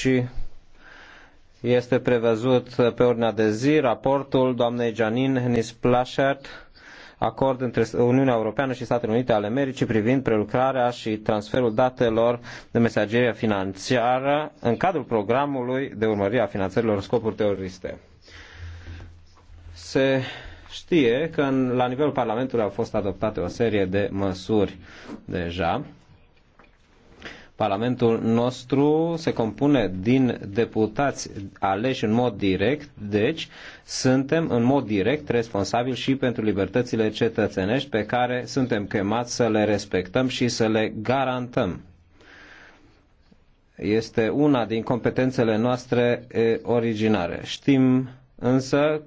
și este prevăzut pe ordinea de zi raportul doamnei Janine Plashert, acord între Uniunea Europeană și Statele Unite ale Americii privind prelucrarea și transferul datelor de mesagerie financiară în cadrul programului de urmărire a finanțărilor în scopuri teroriste. Se știe că în, la nivelul Parlamentului au fost adoptate o serie de măsuri deja Parlamentul nostru se compune din deputați aleși în mod direct, deci suntem în mod direct responsabili și pentru libertățile cetățenești pe care suntem chemați să le respectăm și să le garantăm. Este una din competențele noastre originare. Știm însă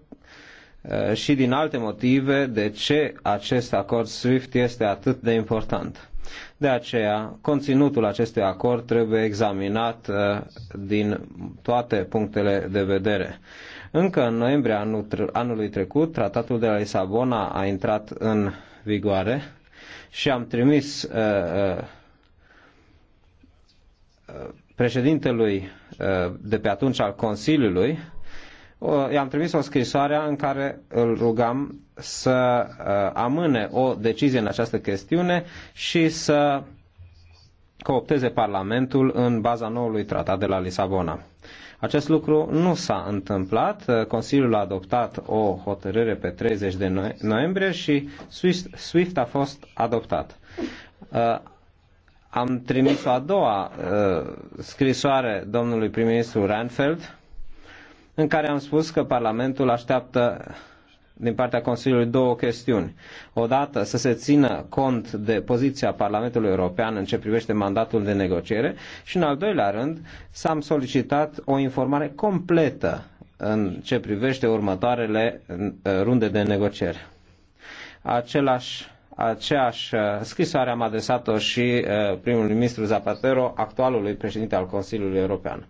Eh, și din alte motive de ce acest acord SWIFT este atât de important. De aceea, conținutul acestui acord trebuie examinat eh, din toate punctele de vedere. Încă în noiembrie anul, anului trecut, tratatul de la Lisabona a intrat în vigoare și am trimis eh, președintelui de pe atunci al Consiliului i-am trimis o scrisoare în care îl rugam să uh, amâne o decizie în această chestiune și să coopteze Parlamentul în baza noului tratat de la Lisabona. Acest lucru nu s-a întâmplat. Uh, Consiliul a adoptat o hotărâre pe 30 de noiembrie și SWIFT a fost adoptat. Uh, am trimis o a doua scrisoare domnului prim-ministru Reinfeldt în care am spus că Parlamentul așteaptă din partea Consiliului două chestiuni. Odată să se țină cont de poziția Parlamentului European în ce privește mandatul de negociere și în al doilea rând s-am solicitat o informare completă în ce privește următoarele uh, runde de negociere. Același aceeași uh, scrisoare am adresat-o și uh, primul ministru Zapatero, actualului președinte al Consiliului European.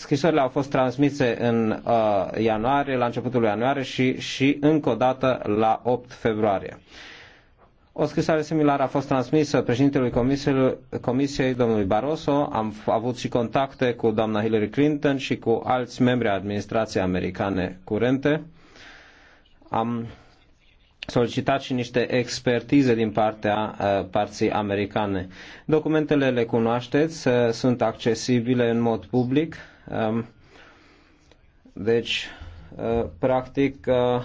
Scrisorile au fost transmise în uh, ianuarie, la începutul ianuarie și, și încă o dată la 8 februarie. O scrisoare similară a fost transmisă președintelui Comisiei, Comisiei domnului Barroso. Am avut și contacte cu doamna Hillary Clinton și cu alți membri ai administrației americane curente. Am solicitat și niște expertize din partea uh, parții americane. Documentele le cunoașteți, uh, sunt accesibile în mod public deci, ă, practic, ă,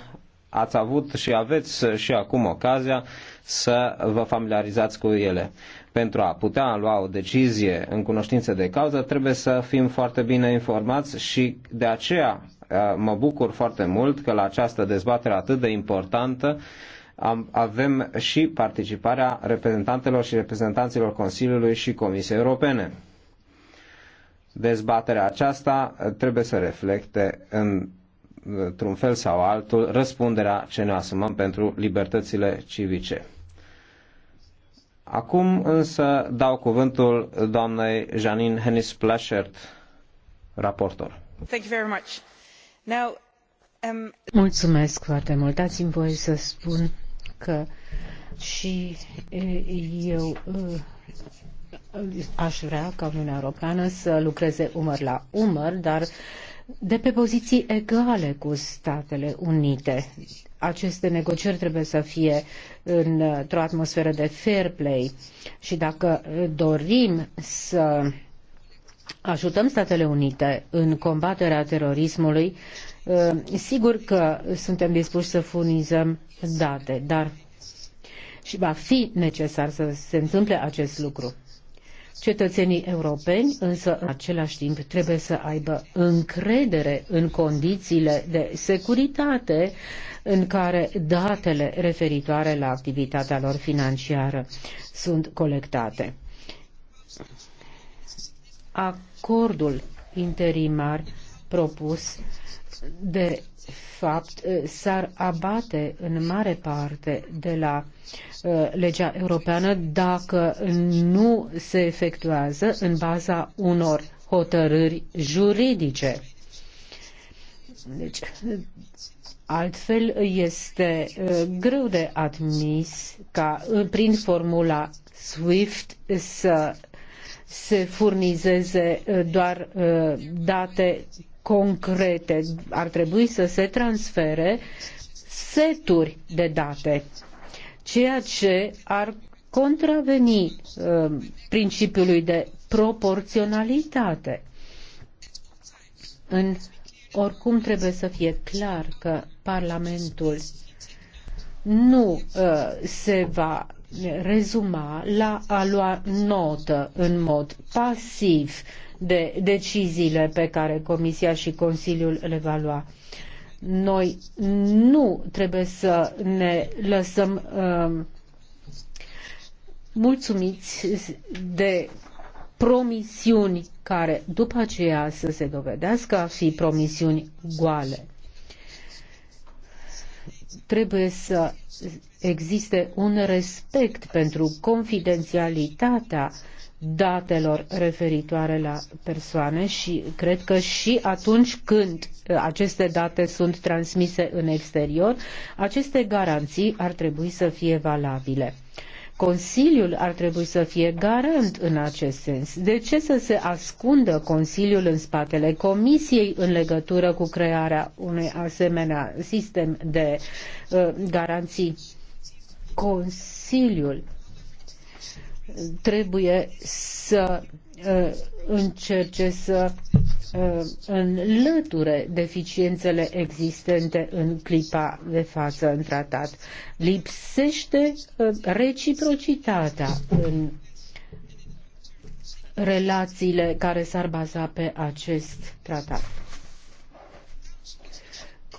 ați avut și aveți și acum ocazia să vă familiarizați cu ele. Pentru a putea lua o decizie în cunoștință de cauză, trebuie să fim foarte bine informați și de aceea ă, mă bucur foarte mult că la această dezbatere atât de importantă avem și participarea reprezentantelor și reprezentanților Consiliului și Comisiei Europene dezbaterea aceasta trebuie să reflecte în într-un fel sau altul, răspunderea ce ne asumăm pentru libertățile civice. Acum însă dau cuvântul doamnei Janine Hennis Plashert, raportor. Thank you very much. Now, um... Mulțumesc foarte mult. Dați-mi voie să spun că și eu uh, aș vrea ca Uniunea Europeană să lucreze umăr la umăr, dar de pe poziții egale cu Statele Unite. Aceste negocieri trebuie să fie într-o atmosferă de fair play și dacă dorim să ajutăm Statele Unite în combaterea terorismului, eh, sigur că suntem dispuși să furnizăm date, dar și va fi necesar să se întâmple acest lucru. Cetățenii europeni, însă, în același timp, trebuie să aibă încredere în condițiile de securitate în care datele referitoare la activitatea lor financiară sunt colectate. Acordul interimar propus, de fapt, eh, s-ar abate în mare parte de la eh, legea europeană dacă nu se efectuează în baza unor hotărâri juridice. Deci, altfel este eh, greu de admis ca prin formula SWIFT să se furnizeze doar date concrete. Ar trebui să se transfere seturi de date, ceea ce ar contraveni uh, principiului de proporționalitate. În oricum trebuie să fie clar că Parlamentul nu uh, se va rezuma la a lua notă în mod pasiv de deciziile pe care Comisia și Consiliul le va lua. Noi nu trebuie să ne lăsăm uh, mulțumiți de promisiuni care după aceea să se dovedească a fi promisiuni goale. Trebuie să existe un respect pentru confidențialitatea uh, datelor referitoare la persoane și cred că și atunci când uh, aceste date sunt transmise în exterior, aceste garanții ar trebui să fie valabile. Consiliul ar trebui să fie garant în acest sens. De ce să se ascundă Consiliul în spatele Comisiei în legătură cu crearea unui asemenea sistem de uh, garanții? Consiliul trebuie să uh, încerce să uh, înlăture deficiențele existente în clipa de față în tratat. Lipsește uh, reciprocitatea în relațiile care s-ar baza pe acest tratat.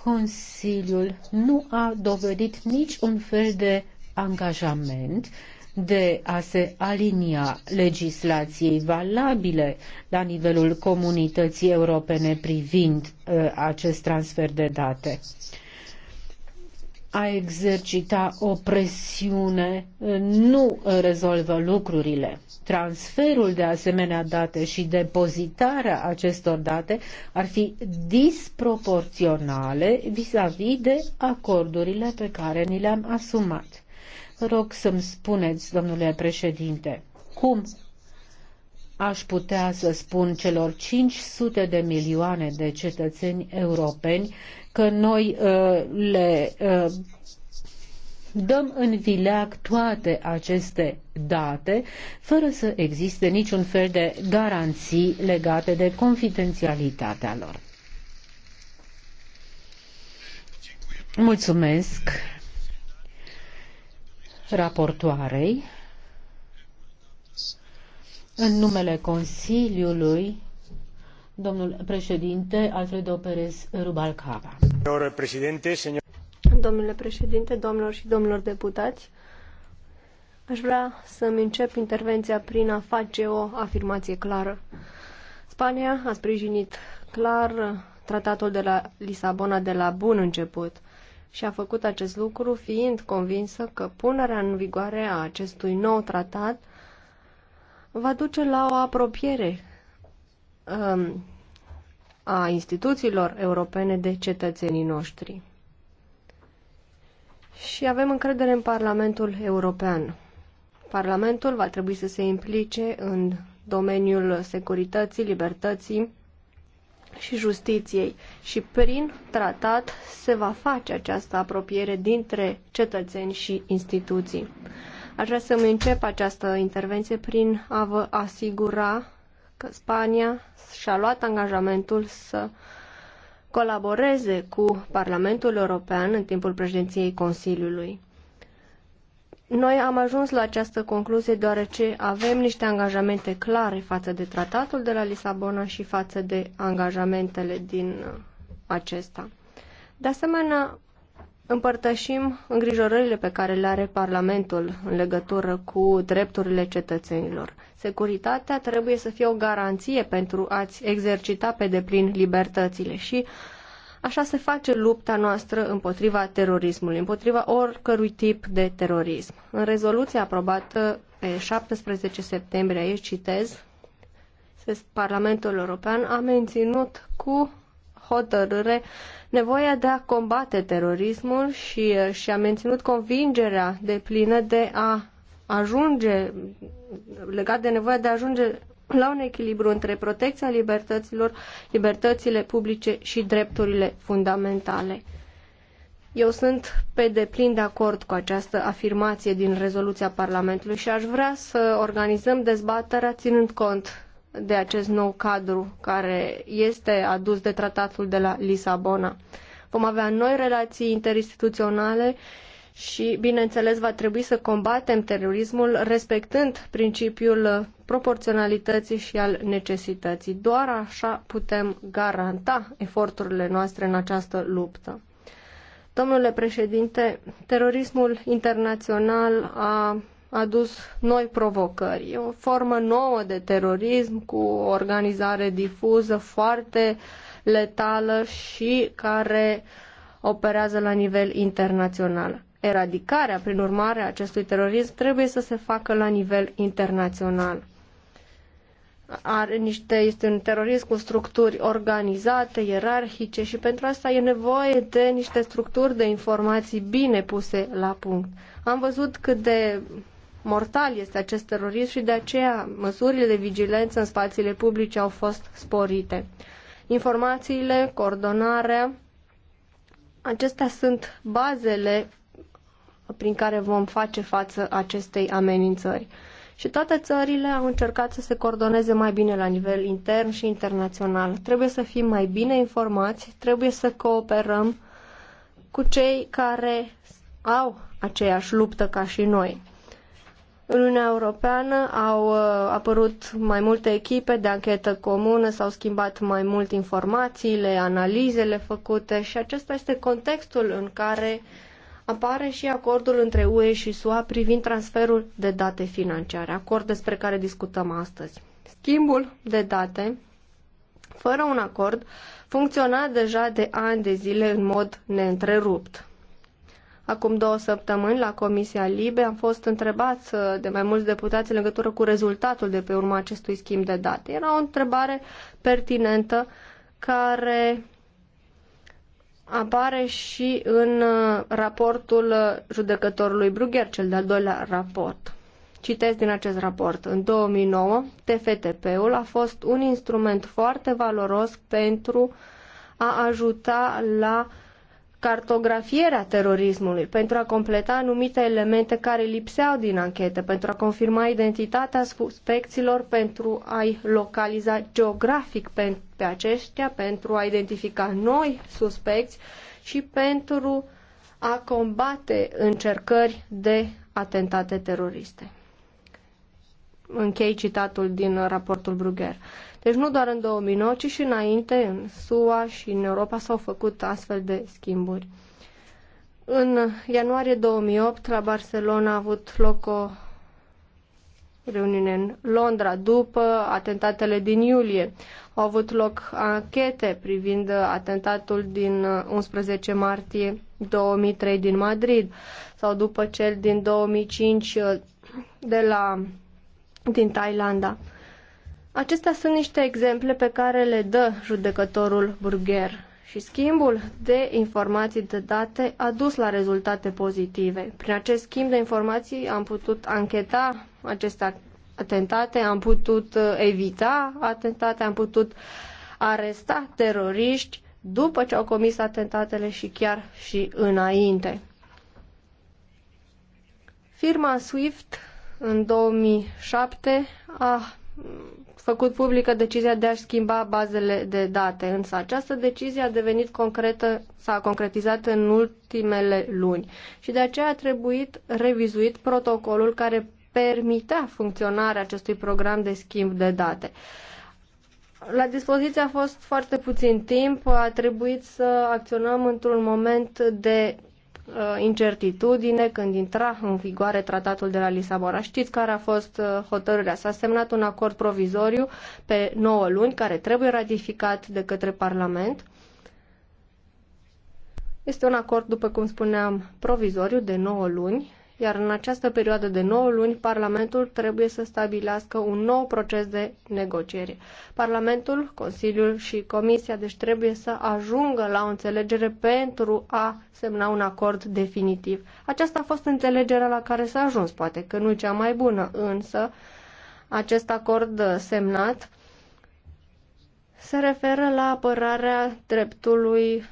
Consiliul nu a dovedit nici un fel de angajament uh, de a se alinia legislației valabile la nivelul comunității europene privind uh, acest transfer de date a exercita o presiune uh, nu uh, rezolvă lucrurile. Transferul de asemenea date și depozitarea acestor date ar fi disproporționale vis-a-vis -vis de acordurile pe care ni le-am asumat. Rog să-mi spuneți, domnule președinte, cum aș putea să spun celor 500 de milioane de cetățeni europeni că noi uh, le uh, dăm în vileac toate aceste date fără să existe niciun fel de garanții legate de confidențialitatea lor. Mulțumesc raportoarei în numele Consiliului domnul președinte Alfredo Perez Rubalcaba. Domnule președinte, domnilor și domnilor deputați, aș vrea să-mi încep intervenția prin a face o afirmație clară. Spania a sprijinit clar tratatul de la Lisabona de la bun început și a făcut acest lucru fiind convinsă că punerea în vigoare a acestui nou tratat va duce la o apropiere um, a instituțiilor europene de cetățenii noștri. Și avem încredere în Parlamentul European. Parlamentul va trebui să se implice în domeniul securității, libertății, și justiției și prin tratat se va face această apropiere dintre cetățeni și instituții. Aș vrea să-mi încep această intervenție prin a vă asigura că Spania și-a luat angajamentul să colaboreze cu Parlamentul European în timpul președinției Consiliului. Noi am ajuns la această concluzie deoarece avem niște angajamente clare față de tratatul de la Lisabona și față de angajamentele din uh, acesta. De asemenea, împărtășim îngrijorările pe care le are Parlamentul în legătură cu drepturile cetățenilor. Securitatea trebuie să fie o garanție pentru a-ți exercita pe deplin libertățile și uh, Așa se face lupta noastră împotriva terorismului, împotriva oricărui tip de terorism. În rezoluția aprobată pe 17 septembrie, aici citez, Parlamentul European a menținut cu hotărâre nevoia de a combate terorismul și, uh, și a menținut convingerea de plină de a ajunge, legat de nevoia de a ajunge la un echilibru între protecția libertăților, libertățile publice și drepturile fundamentale. Eu sunt pe deplin de acord cu această afirmație din rezoluția Parlamentului și aș vrea să organizăm dezbaterea ținând cont de acest nou cadru care este adus de tratatul de la Lisabona. Vom avea noi relații interinstituționale și, bineînțeles, va trebui să combatem terorismul respectând principiul proporționalității și al necesității. Doar așa putem garanta eforturile noastre în această luptă. Domnule președinte, terorismul internațional a adus noi provocări. E o formă nouă de terorism cu o organizare difuză foarte letală și care operează la nivel internațional eradicarea, prin urmare, a acestui terorism trebuie să se facă la nivel internațional. Are niște, este un terorism cu structuri organizate, ierarhice și pentru asta e nevoie de niște structuri de informații bine puse la punct. Am văzut cât de mortal este acest terorism și de aceea măsurile de vigilență în spațiile publice au fost sporite. Informațiile, coordonarea, acestea sunt bazele prin care vom face față acestei amenințări. Și toate țările au încercat să se coordoneze mai bine la nivel intern și internațional. Trebuie să fim mai bine informați, trebuie să cooperăm cu cei care au aceeași luptă ca și noi. În Uniunea Europeană au uh, apărut mai multe echipe de anchetă comună, s-au schimbat mai mult informațiile, analizele făcute și acesta este contextul în care uh, apare și acordul între UE și SUA privind transferul de date financiare, acord despre care discutăm astăzi. Schimbul de date, fără un acord, funcționa deja de ani de zile în mod neîntrerupt. Acum două săptămâni, la Comisia Libe, am fost întrebați uh, de mai mulți deputați în legătură cu rezultatul de pe urma acestui schimb de date. Era o întrebare pertinentă care apare și în uh, raportul uh, judecătorului Brugher, cel de-al doilea raport. Citesc din acest raport. În 2009, TFTP-ul a fost un instrument foarte valoros pentru a ajuta la uh, cartografierea terorismului, pentru a completa anumite elemente care lipseau din anchetă, pentru a confirma identitatea suspecților, pentru a-i localiza geografic pe, pe aceștia, pentru a identifica noi suspecți și pentru a combate încercări de atentate teroriste. Închei citatul din raportul Brugger. Deci nu doar în 2009, ci și înainte, în SUA și în Europa s-au făcut astfel de schimburi. În ianuarie 2008, la Barcelona a avut loc o reuniune în Londra. După atentatele din iulie au avut loc anchete privind atentatul din 11 martie 2003 din Madrid sau după cel din 2005 de la, din Thailanda. Acestea sunt niște exemple pe care le dă judecătorul Burger și schimbul de informații de date a dus la rezultate pozitive. Prin acest schimb de informații am putut ancheta aceste atentate, am putut uh, evita atentate, am putut aresta teroriști după ce au comis atentatele și chiar și înainte. Firma Swift în 2007 a făcut publică decizia de a-și schimba bazele de date, însă această decizie a devenit concretă, s-a concretizat în ultimele luni și de aceea a trebuit revizuit protocolul care permitea funcționarea acestui program de schimb de date. La dispoziție a fost foarte puțin timp, a trebuit să acționăm într-un moment de Uh, incertitudine când intra în vigoare tratatul de la Lisabona. Știți care a fost uh, hotărârea? S-a semnat un acord provizoriu pe 9 luni care trebuie ratificat de către Parlament. Este un acord, după cum spuneam, provizoriu de 9 luni iar în această perioadă de 9 luni, Parlamentul trebuie să stabilească un nou proces de negociere. Parlamentul, Consiliul și Comisia deci trebuie să ajungă la o înțelegere pentru a semna un acord definitiv. Aceasta a fost înțelegerea la care s-a ajuns, poate că nu cea mai bună, însă acest acord semnat se referă la apărarea dreptului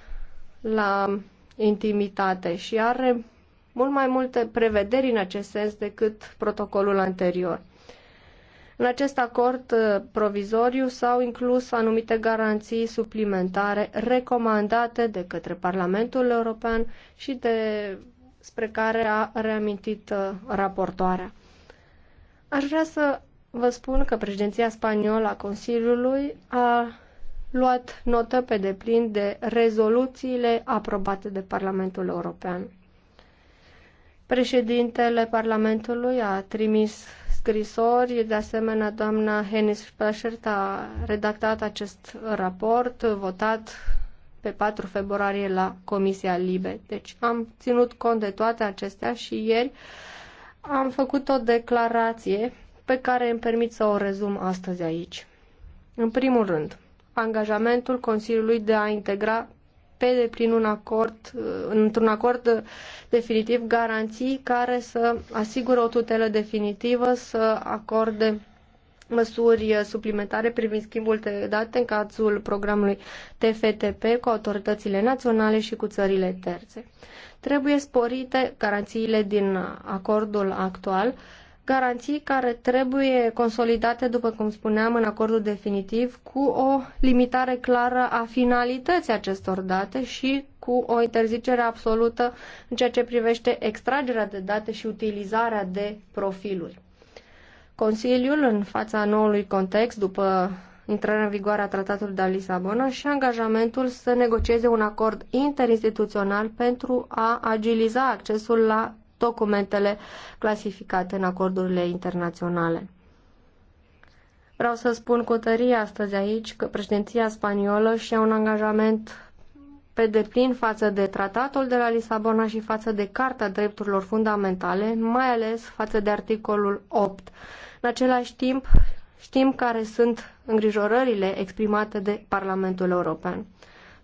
la intimitate și are mult mai multe prevederi în acest sens decât protocolul anterior. În acest acord uh, provizoriu s-au inclus anumite garanții suplimentare recomandate de către Parlamentul European și de spre care a reamintit uh, raportoarea. Aș vrea să vă spun că președinția spaniolă a Consiliului a luat notă pe deplin de rezoluțiile aprobate de Parlamentul European. Președintele Parlamentului a trimis scrisori, de asemenea doamna Henis Spaschert a redactat acest raport votat pe 4 februarie la Comisia Libe. Deci am ținut cont de toate acestea și ieri am făcut o declarație pe care îmi permit să o rezum astăzi aici. În primul rând, angajamentul Consiliului de a integra pe deplin un acord, uh, într-un acord definitiv garanții care să asigure o tutelă definitivă, să acorde măsuri suplimentare privind schimbul de date în cazul programului TFTP cu autoritățile naționale și cu țările terțe. Trebuie sporite garanțiile din acordul actual garanții care trebuie consolidate, după cum spuneam, în acordul definitiv, cu o limitare clară a finalității acestor date și cu o interzicere absolută în ceea ce privește extragerea de date și utilizarea de profiluri. Consiliul, în fața noului context, după intrarea în vigoare a Tratatului de la Lisabona și angajamentul să negocieze un acord interinstituțional pentru a agiliza accesul la documentele clasificate în acordurile internaționale. Vreau să spun cu tărie astăzi aici că președinția spaniolă și-a un angajament pe deplin față de tratatul de la Lisabona și față de Carta Drepturilor Fundamentale, mai ales față de articolul 8. În același timp, știm care sunt îngrijorările exprimate de Parlamentul European.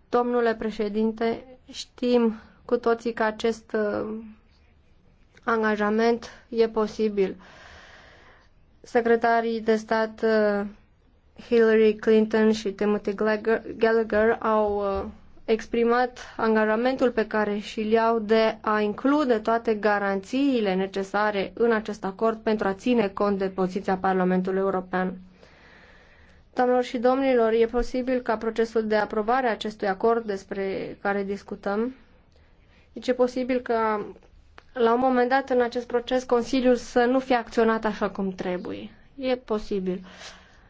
Domnule președinte, știm cu toții că acest angajament e posibil. Secretarii de stat uh, Hillary Clinton și Timothy Gallagher au uh, exprimat angajamentul pe care și-l iau de a include toate garanțiile necesare în acest acord pentru a ține cont de poziția Parlamentului European. Doamnelor și domnilor, e posibil ca procesul de aprobare a acestui acord despre care discutăm, deci e posibil ca la un moment dat în acest proces Consiliul să nu fie acționat așa cum trebuie. E posibil.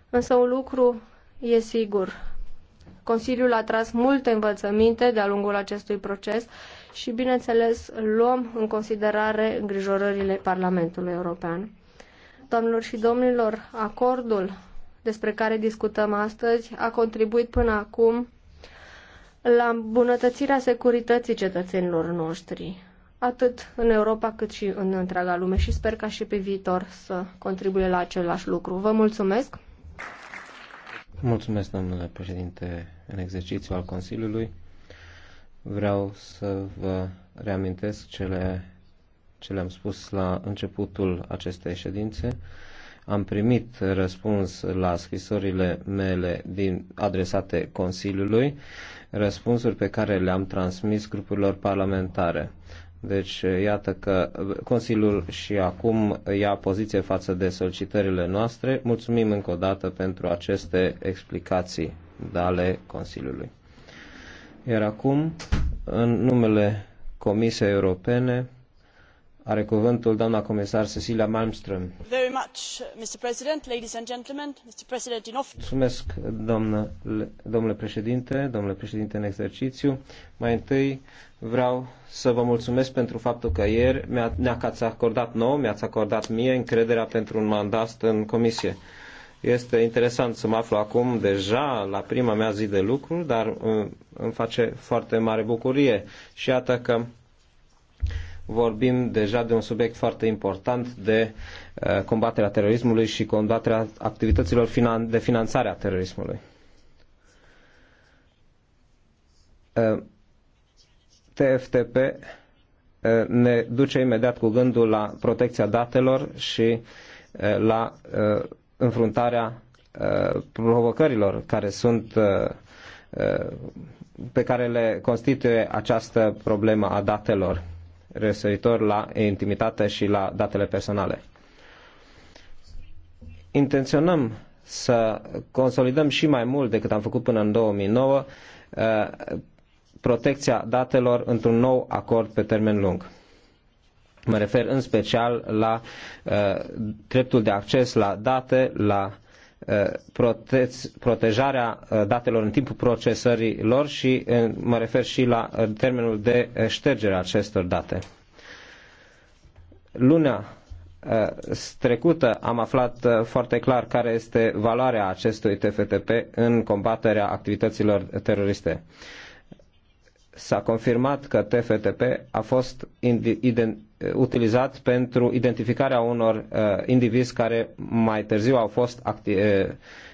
Însă un lucru e sigur. Consiliul a tras multe învățăminte de-a lungul acestui proces și, bineînțeles, luăm în considerare îngrijorările Parlamentului European. Doamnelor și domnilor, acordul despre care discutăm astăzi a contribuit până acum la îmbunătățirea securității cetățenilor noștri atât în Europa cât și în întreaga lume și sper ca și pe viitor să contribuie la același lucru. Vă mulțumesc! Mulțumesc, domnule președinte, în exercițiu al Consiliului. Vreau să vă reamintesc cele ce le-am spus la începutul acestei ședințe. Am primit răspuns la scrisorile mele din, adresate Consiliului, răspunsuri pe care le-am transmis grupurilor parlamentare. Deci, iată că Consiliul și acum ia poziție față de solicitările noastre. Mulțumim încă o dată pentru aceste explicații ale Consiliului. Iar acum, în numele Comisiei Europene, are cuvântul doamna comisar Cecilia Malmström. Very much, Mr. President, ladies and gentlemen, Mr. President in office. Mulțumesc, doamnă, domnule președinte, domnule președinte în exercițiu. Mai întâi, Vreau să vă mulțumesc pentru faptul că ieri ne-ați acordat nou, mi-ați acordat mie încrederea pentru un mandat în comisie. Este interesant să mă aflu acum deja la prima mea zi de lucru, dar uh, îmi face foarte mare bucurie. Și iată că vorbim deja de un subiect foarte important de uh, combaterea terorismului și combaterea activităților de finanțare a terorismului uh, TFTP ne duce imediat cu gândul la protecția datelor și la înfruntarea provocărilor care sunt pe care le constituie această problemă a datelor referitor la intimitate și la datele personale. Intenționăm să consolidăm și mai mult decât am făcut până în 2009 protecția datelor într-un nou acord pe termen lung. Mă refer în special la uh, dreptul de acces la date, la uh, protejarea uh, datelor în timpul procesării lor și uh, mă refer și la termenul de ștergere a acestor date. Luna trecută am aflat foarte clar care este valoarea acestui TFTP în combaterea activităților teroriste s-a confirmat că TFTP a fost utilizat pentru identificarea unor uh, indivizi care mai târziu au fost acti- uh,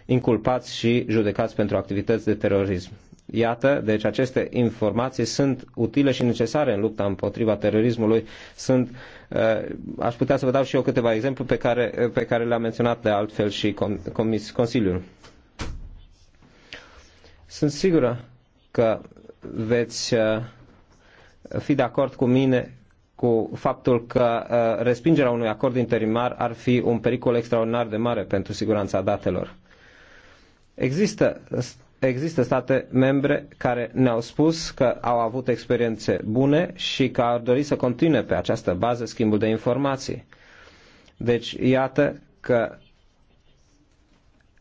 inculpați și judecați pentru activități de terorism. Iată, deci aceste informații sunt utile și necesare în lupta împotriva terorismului. Sunt, uh, aș putea să vă dau și eu câteva exemple pe care, uh, pe care le-a menționat de altfel și com- comis- Consiliul. Sunt sigură că veți uh, fi de acord cu mine cu faptul că uh, respingerea unui acord interimar ar fi un pericol extraordinar de mare pentru siguranța datelor. Există, există state membre care ne-au spus că au avut experiențe bune și că ar dori să continue pe această bază schimbul de informații. Deci, iată că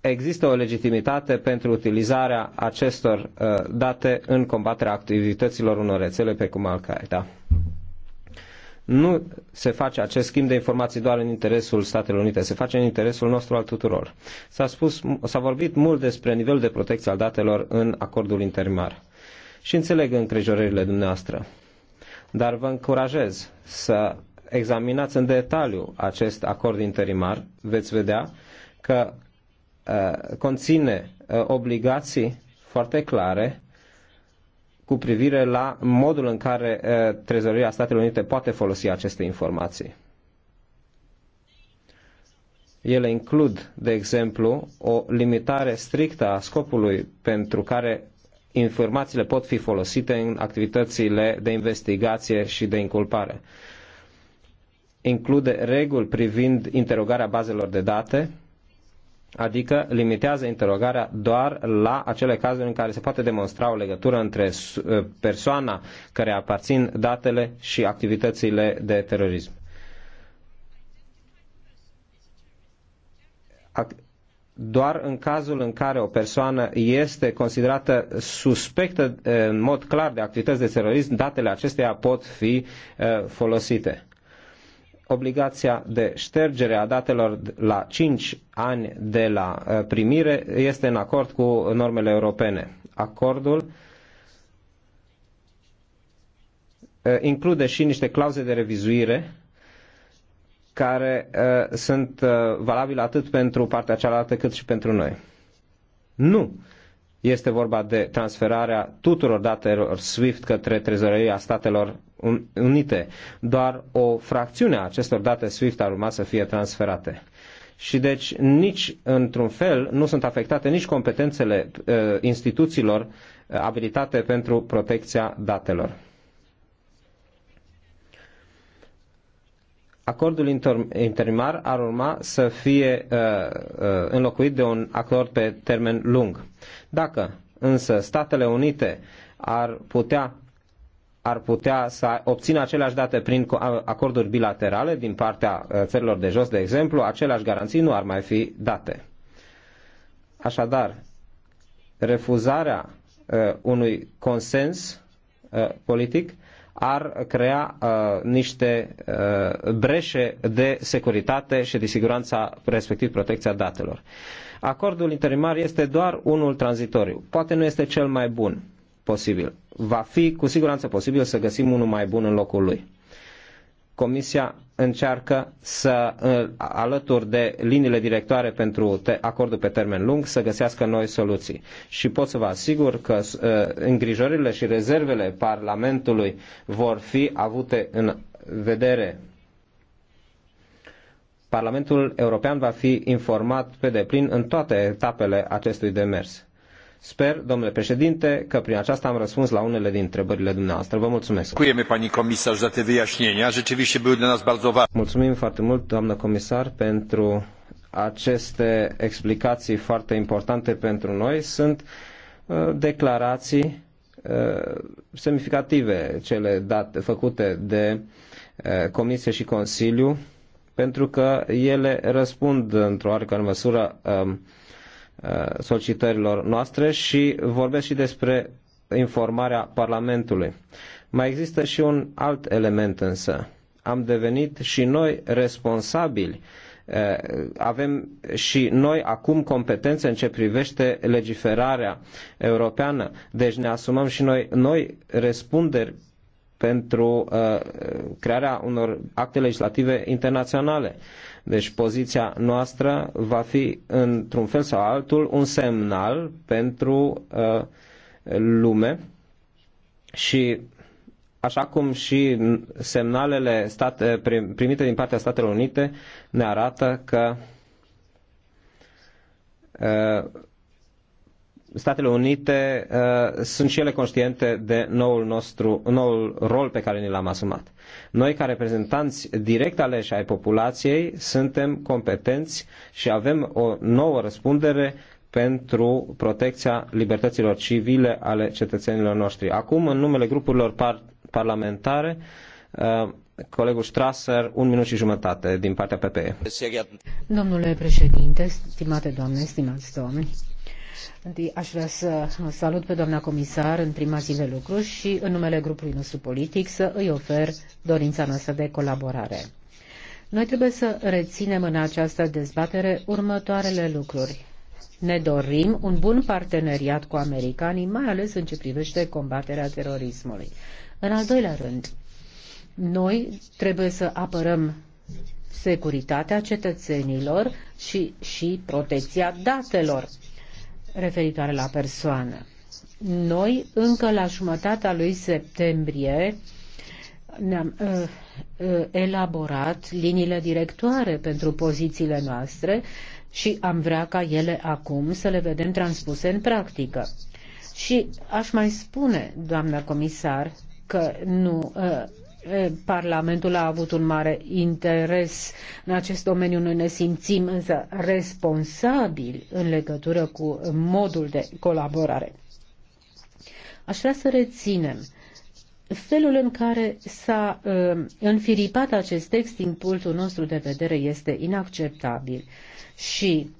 există o legitimitate pentru utilizarea acestor uh, date în combaterea activităților unor rețele pe cum Al-Qaeda. Nu se face acest schimb de informații doar în interesul Statelor Unite, se face în interesul nostru al tuturor. S-a, spus, s-a vorbit mult despre nivelul de protecție al datelor în acordul intermar. Și înțeleg îngrijorările dumneavoastră. Dar vă încurajez să examinați în detaliu acest acord interimar, veți vedea că Uh, conține uh, obligații foarte clare cu privire la modul în care uh, Trezoria Statelor Unite poate folosi aceste informații. Ele includ, de exemplu, o limitare strictă a scopului pentru care informațiile pot fi folosite în activitățile de investigație și de inculpare. Include reguli privind interogarea bazelor de date, adică limitează interogarea doar la acele cazuri în care se poate demonstra o legătură între eh, persoana care aparțin datele și activitățile de terorism. doar în cazul în care o persoană este considerată suspectă eh, în mod clar de activități de terorism, datele acesteia pot fi eh, folosite obligația de ștergere a datelor la 5 ani de la uh, primire este în acord cu normele europene. Acordul uh, include și niște clauze de revizuire care uh, sunt valabile atât pentru partea cealaltă cât și pentru noi. Nu este vorba de transferarea tuturor datelor SWIFT către trezoreria statelor Unite. Doar o fracțiune a acestor date SWIFT ar urma să fie transferate. Și deci nici într-un fel nu sunt afectate nici competențele uh, instituțiilor uh, abilitate pentru protecția datelor. acordul inter- interimar ar urma să fie uh, uh, înlocuit de un acord pe termen lung. Dacă însă Statele Unite ar putea ar putea să obțină aceleași date prin acorduri bilaterale din partea uh, țărilor de jos, de exemplu, aceleași garanții nu ar mai fi date. Așadar, refuzarea uh, unui consens uh, politic ar crea uh, niște uh, breșe de securitate și de siguranța, respectiv protecția datelor. Acordul interimar este doar unul tranzitoriu. Poate nu este cel mai bun, posibil. Va fi cu siguranță posibil să găsim unul mai bun în locul lui. Comisia încearcă să, uh, alături de liniile directoare pentru acordul pe termen lung, să găsească noi soluții. Și pot să vă asigur că uh, îngrijorările și rezervele Parlamentului vor fi avute în vedere. Parlamentul European va fi informat pe deplin în toate etapele acestui demers. Sper, domnule președinte, că prin aceasta am răspuns la unele din întrebările dumneavoastră. Vă mulțumesc. Dziękujemy pani komisarz za te wyjaśnienia. Rzeczywiście były dla nas bardzo ważne. Mulțumim foarte mult, doamnă comisar, pentru aceste explicații foarte importante pentru noi. Sunt uh, declarații uh, semnificative cele date, făcute de uh, Comisie și Consiliu, pentru că ele răspund într-o oarecare măsură um, Uh, solicitărilor noastre și vorbesc și despre informarea Parlamentului. Mai există și un alt element însă. Am devenit și noi responsabili. Uh, avem și noi acum competențe în ce privește legiferarea europeană, deci ne asumăm și noi, noi răspunderi pentru uh, crearea unor acte legislative internaționale. Deci poziția noastră va fi, într-un fel sau altul, un semnal pentru uh, lume și așa cum și semnalele state, primite din partea Statelor Unite ne arată că uh, Statele Unite uh, sunt și ele conștiente de noul, nostru, noul rol pe care ni l-am asumat. Noi, ca reprezentanți direct aleși ai populației, suntem competenți și avem o nouă răspundere pentru protecția libertăților civile ale cetățenilor noștri. Acum, în numele grupurilor par- parlamentare, uh, Colegul Strasser, un minut și jumătate din partea PPE. Domnule președinte, stimate doamne, stimați domni, Întâi aș vrea să salut pe doamna comisar în prima zi de lucru și în numele grupului nostru politic să îi ofer dorința noastră de colaborare. Noi trebuie să reținem în această dezbatere următoarele lucruri. Ne dorim un bun parteneriat cu americanii, mai ales în ce privește combaterea terorismului. În al doilea rând, noi trebuie să apărăm securitatea cetățenilor și, și protecția datelor referitoare la persoană. Noi, încă la jumătatea lui septembrie, ne-am uh, uh, elaborat liniile directoare pentru pozițiile noastre și am vrea ca ele acum să le vedem transpuse în practică. Și aș mai spune, doamna comisar, că nu uh, Parlamentul a avut un mare interes în acest domeniu. Noi ne simțim însă responsabili în legătură cu modul de colaborare. Aș vrea să reținem felul în care s-a uh, înfiripat acest text din punctul nostru de vedere este inacceptabil și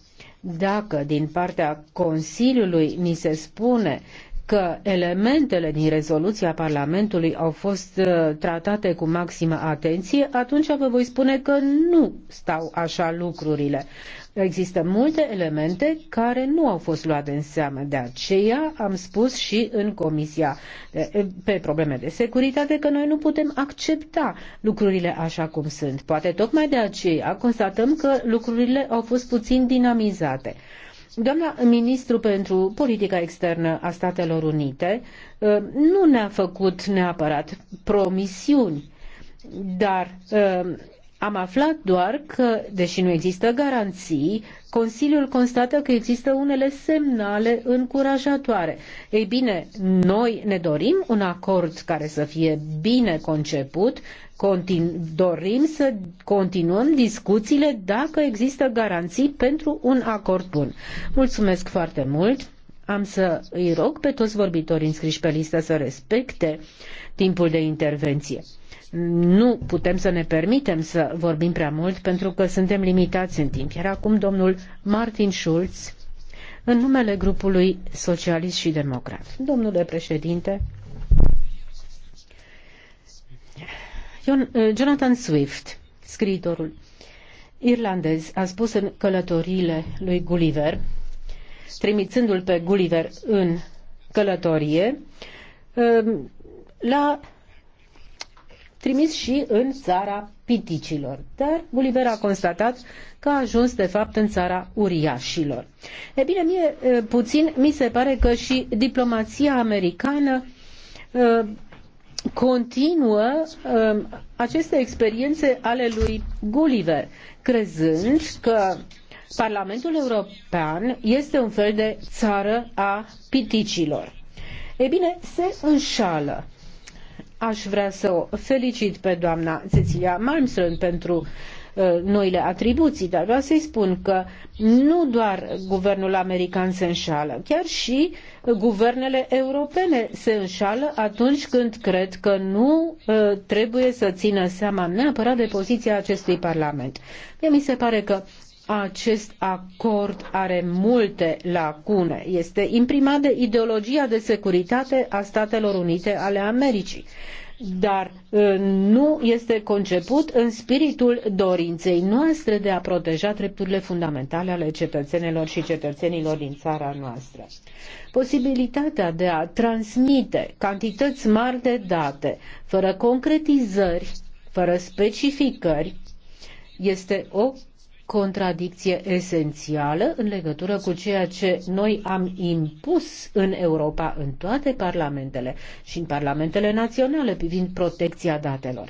dacă din partea Consiliului ni se spune că elementele din rezoluția Parlamentului au fost uh, tratate cu maximă atenție, atunci vă voi spune că nu stau așa lucrurile. Există multe elemente care nu au fost luate în seamă. De aceea am spus și în Comisia pe probleme de securitate că noi nu putem accepta lucrurile așa cum sunt. Poate tocmai de aceea constatăm că lucrurile au fost puțin dinamizate. Doamna ministru pentru politica externă a Statelor Unite uh, nu ne-a făcut neapărat promisiuni, dar uh, am aflat doar că, deși nu există garanții, Consiliul constată că există unele semnale încurajatoare. Ei bine, noi ne dorim un acord care să fie bine conceput, continu- dorim să continuăm discuțiile dacă există garanții pentru un acord bun. Mulțumesc foarte mult! Am să îi rog pe toți vorbitorii înscriși pe listă să respecte timpul de intervenție nu putem să ne permitem să vorbim prea mult pentru că suntem limitați în timp. Iar acum domnul Martin Schulz, în numele grupului Socialist și Democrat. Domnule președinte, eh, Jonathan Swift, scriitorul irlandez, a spus în călătoriile lui Gulliver, trimițându-l pe Gulliver în călătorie, eh, la trimis și în țara piticilor. Dar Gulliver a constatat că a ajuns de fapt în țara uriașilor. E bine, mie puțin mi se pare că și diplomația americană continuă aceste experiențe ale lui Gulliver, crezând că Parlamentul European este un fel de țară a piticilor. E bine, se înșală aș vrea să o felicit pe doamna Cecilia Malmström pentru uh, noile atribuții, dar vreau să-i spun că nu doar guvernul american se înșală, chiar și guvernele europene se înșală atunci când cred că nu uh, trebuie să țină seama neapărat de poziția acestui Parlament. Mie mi se pare că acest acord are multe lacune. Este imprimat de ideologia de securitate a Statelor Unite ale Americii dar ă, nu este conceput în spiritul dorinței noastre de a proteja drepturile fundamentale ale cetățenilor și cetățenilor din țara noastră. Posibilitatea de a transmite cantități mari de date, fără concretizări, fără specificări, este o contradicție esențială în legătură cu ceea ce noi am impus în Europa, în toate parlamentele și în parlamentele naționale privind protecția datelor.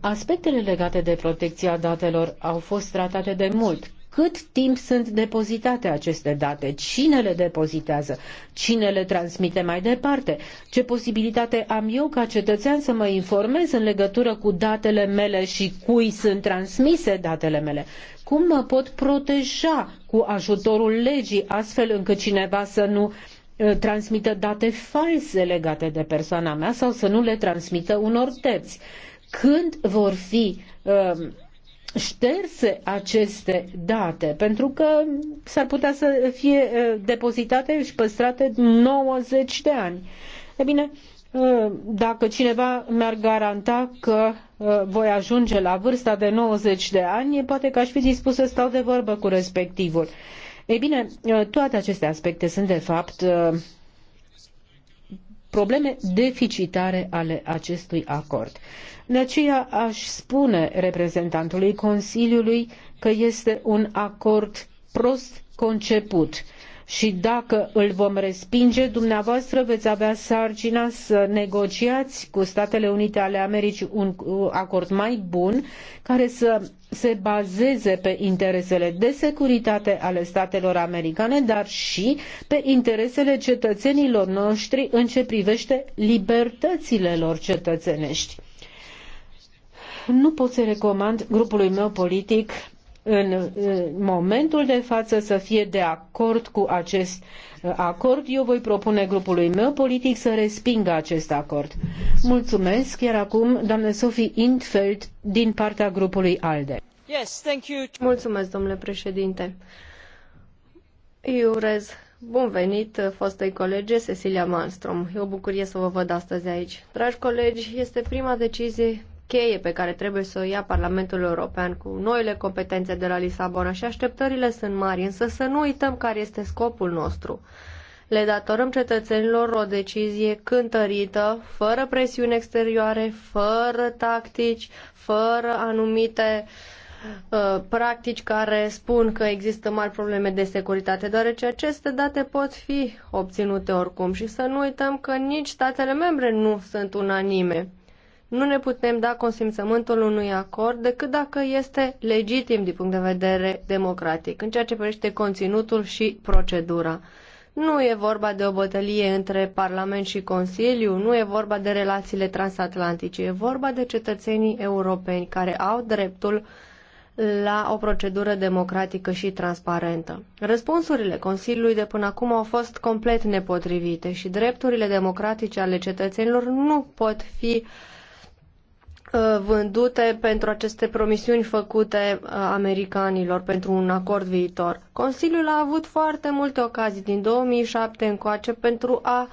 Aspectele legate de protecția datelor au fost tratate de mult, cât timp sunt depozitate aceste date, cine le depozitează, cine le transmite mai departe, ce posibilitate am eu ca cetățean să mă informez în legătură cu datele mele și cui sunt transmise datele mele, cum mă pot proteja cu ajutorul legii astfel încât cineva să nu transmită date false legate de persoana mea sau să nu le transmită unor terți. Când vor fi uh, șterse aceste date, pentru că s-ar putea să fie uh, depozitate și păstrate 90 de ani. E bine, uh, dacă cineva mi-ar garanta că uh, voi ajunge la vârsta de 90 de ani, poate că aș fi dispus să stau de vorbă cu respectivul. Ei bine, toate aceste aspecte sunt de fapt probleme deficitare ale acestui acord. De aceea aș spune reprezentantului Consiliului că este un acord prost conceput și dacă îl vom respinge, dumneavoastră veți avea sarcina să negociați cu Statele Unite ale Americii un acord mai bun care să se bazeze pe interesele de securitate ale statelor americane, dar și pe interesele cetățenilor noștri în ce privește libertățile lor cetățenești nu pot să recomand grupului meu politic în momentul de față să fie de acord cu acest uh, acord. Eu voi propune grupului meu politic să respingă acest acord. Mulțumesc, iar acum doamne Sophie Intfeld din partea grupului ALDE. Yes, thank you. Mulțumesc, domnule președinte. Eu urez Bun venit, uh, fostei colege Cecilia Malmström. E o bucurie să vă văd astăzi aici. Dragi colegi, este prima decizie cheie pe care trebuie să o ia Parlamentul European cu noile competențe de la Lisabona și așteptările sunt mari, însă să nu uităm care este scopul nostru. Le datorăm cetățenilor o decizie cântărită, fără presiuni exterioare, fără tactici, fără anumite uh, practici care spun că există mari probleme de securitate, deoarece aceste date pot fi obținute oricum și să nu uităm că nici statele membre nu sunt unanime. Nu ne putem da consimțământul unui acord decât dacă este legitim din punct de vedere democratic, în ceea ce privește conținutul și procedura. Nu e vorba de o bătălie între Parlament și Consiliu, nu e vorba de relațiile transatlantice, e vorba de cetățenii europeni care au dreptul la o procedură democratică și transparentă. Răspunsurile Consiliului de până acum au fost complet nepotrivite și drepturile democratice ale cetățenilor nu pot fi uh, Uh, vândute pentru aceste promisiuni făcute uh, americanilor pentru un acord viitor. Consiliul a avut foarte multe ocazii din 2007 încoace pentru a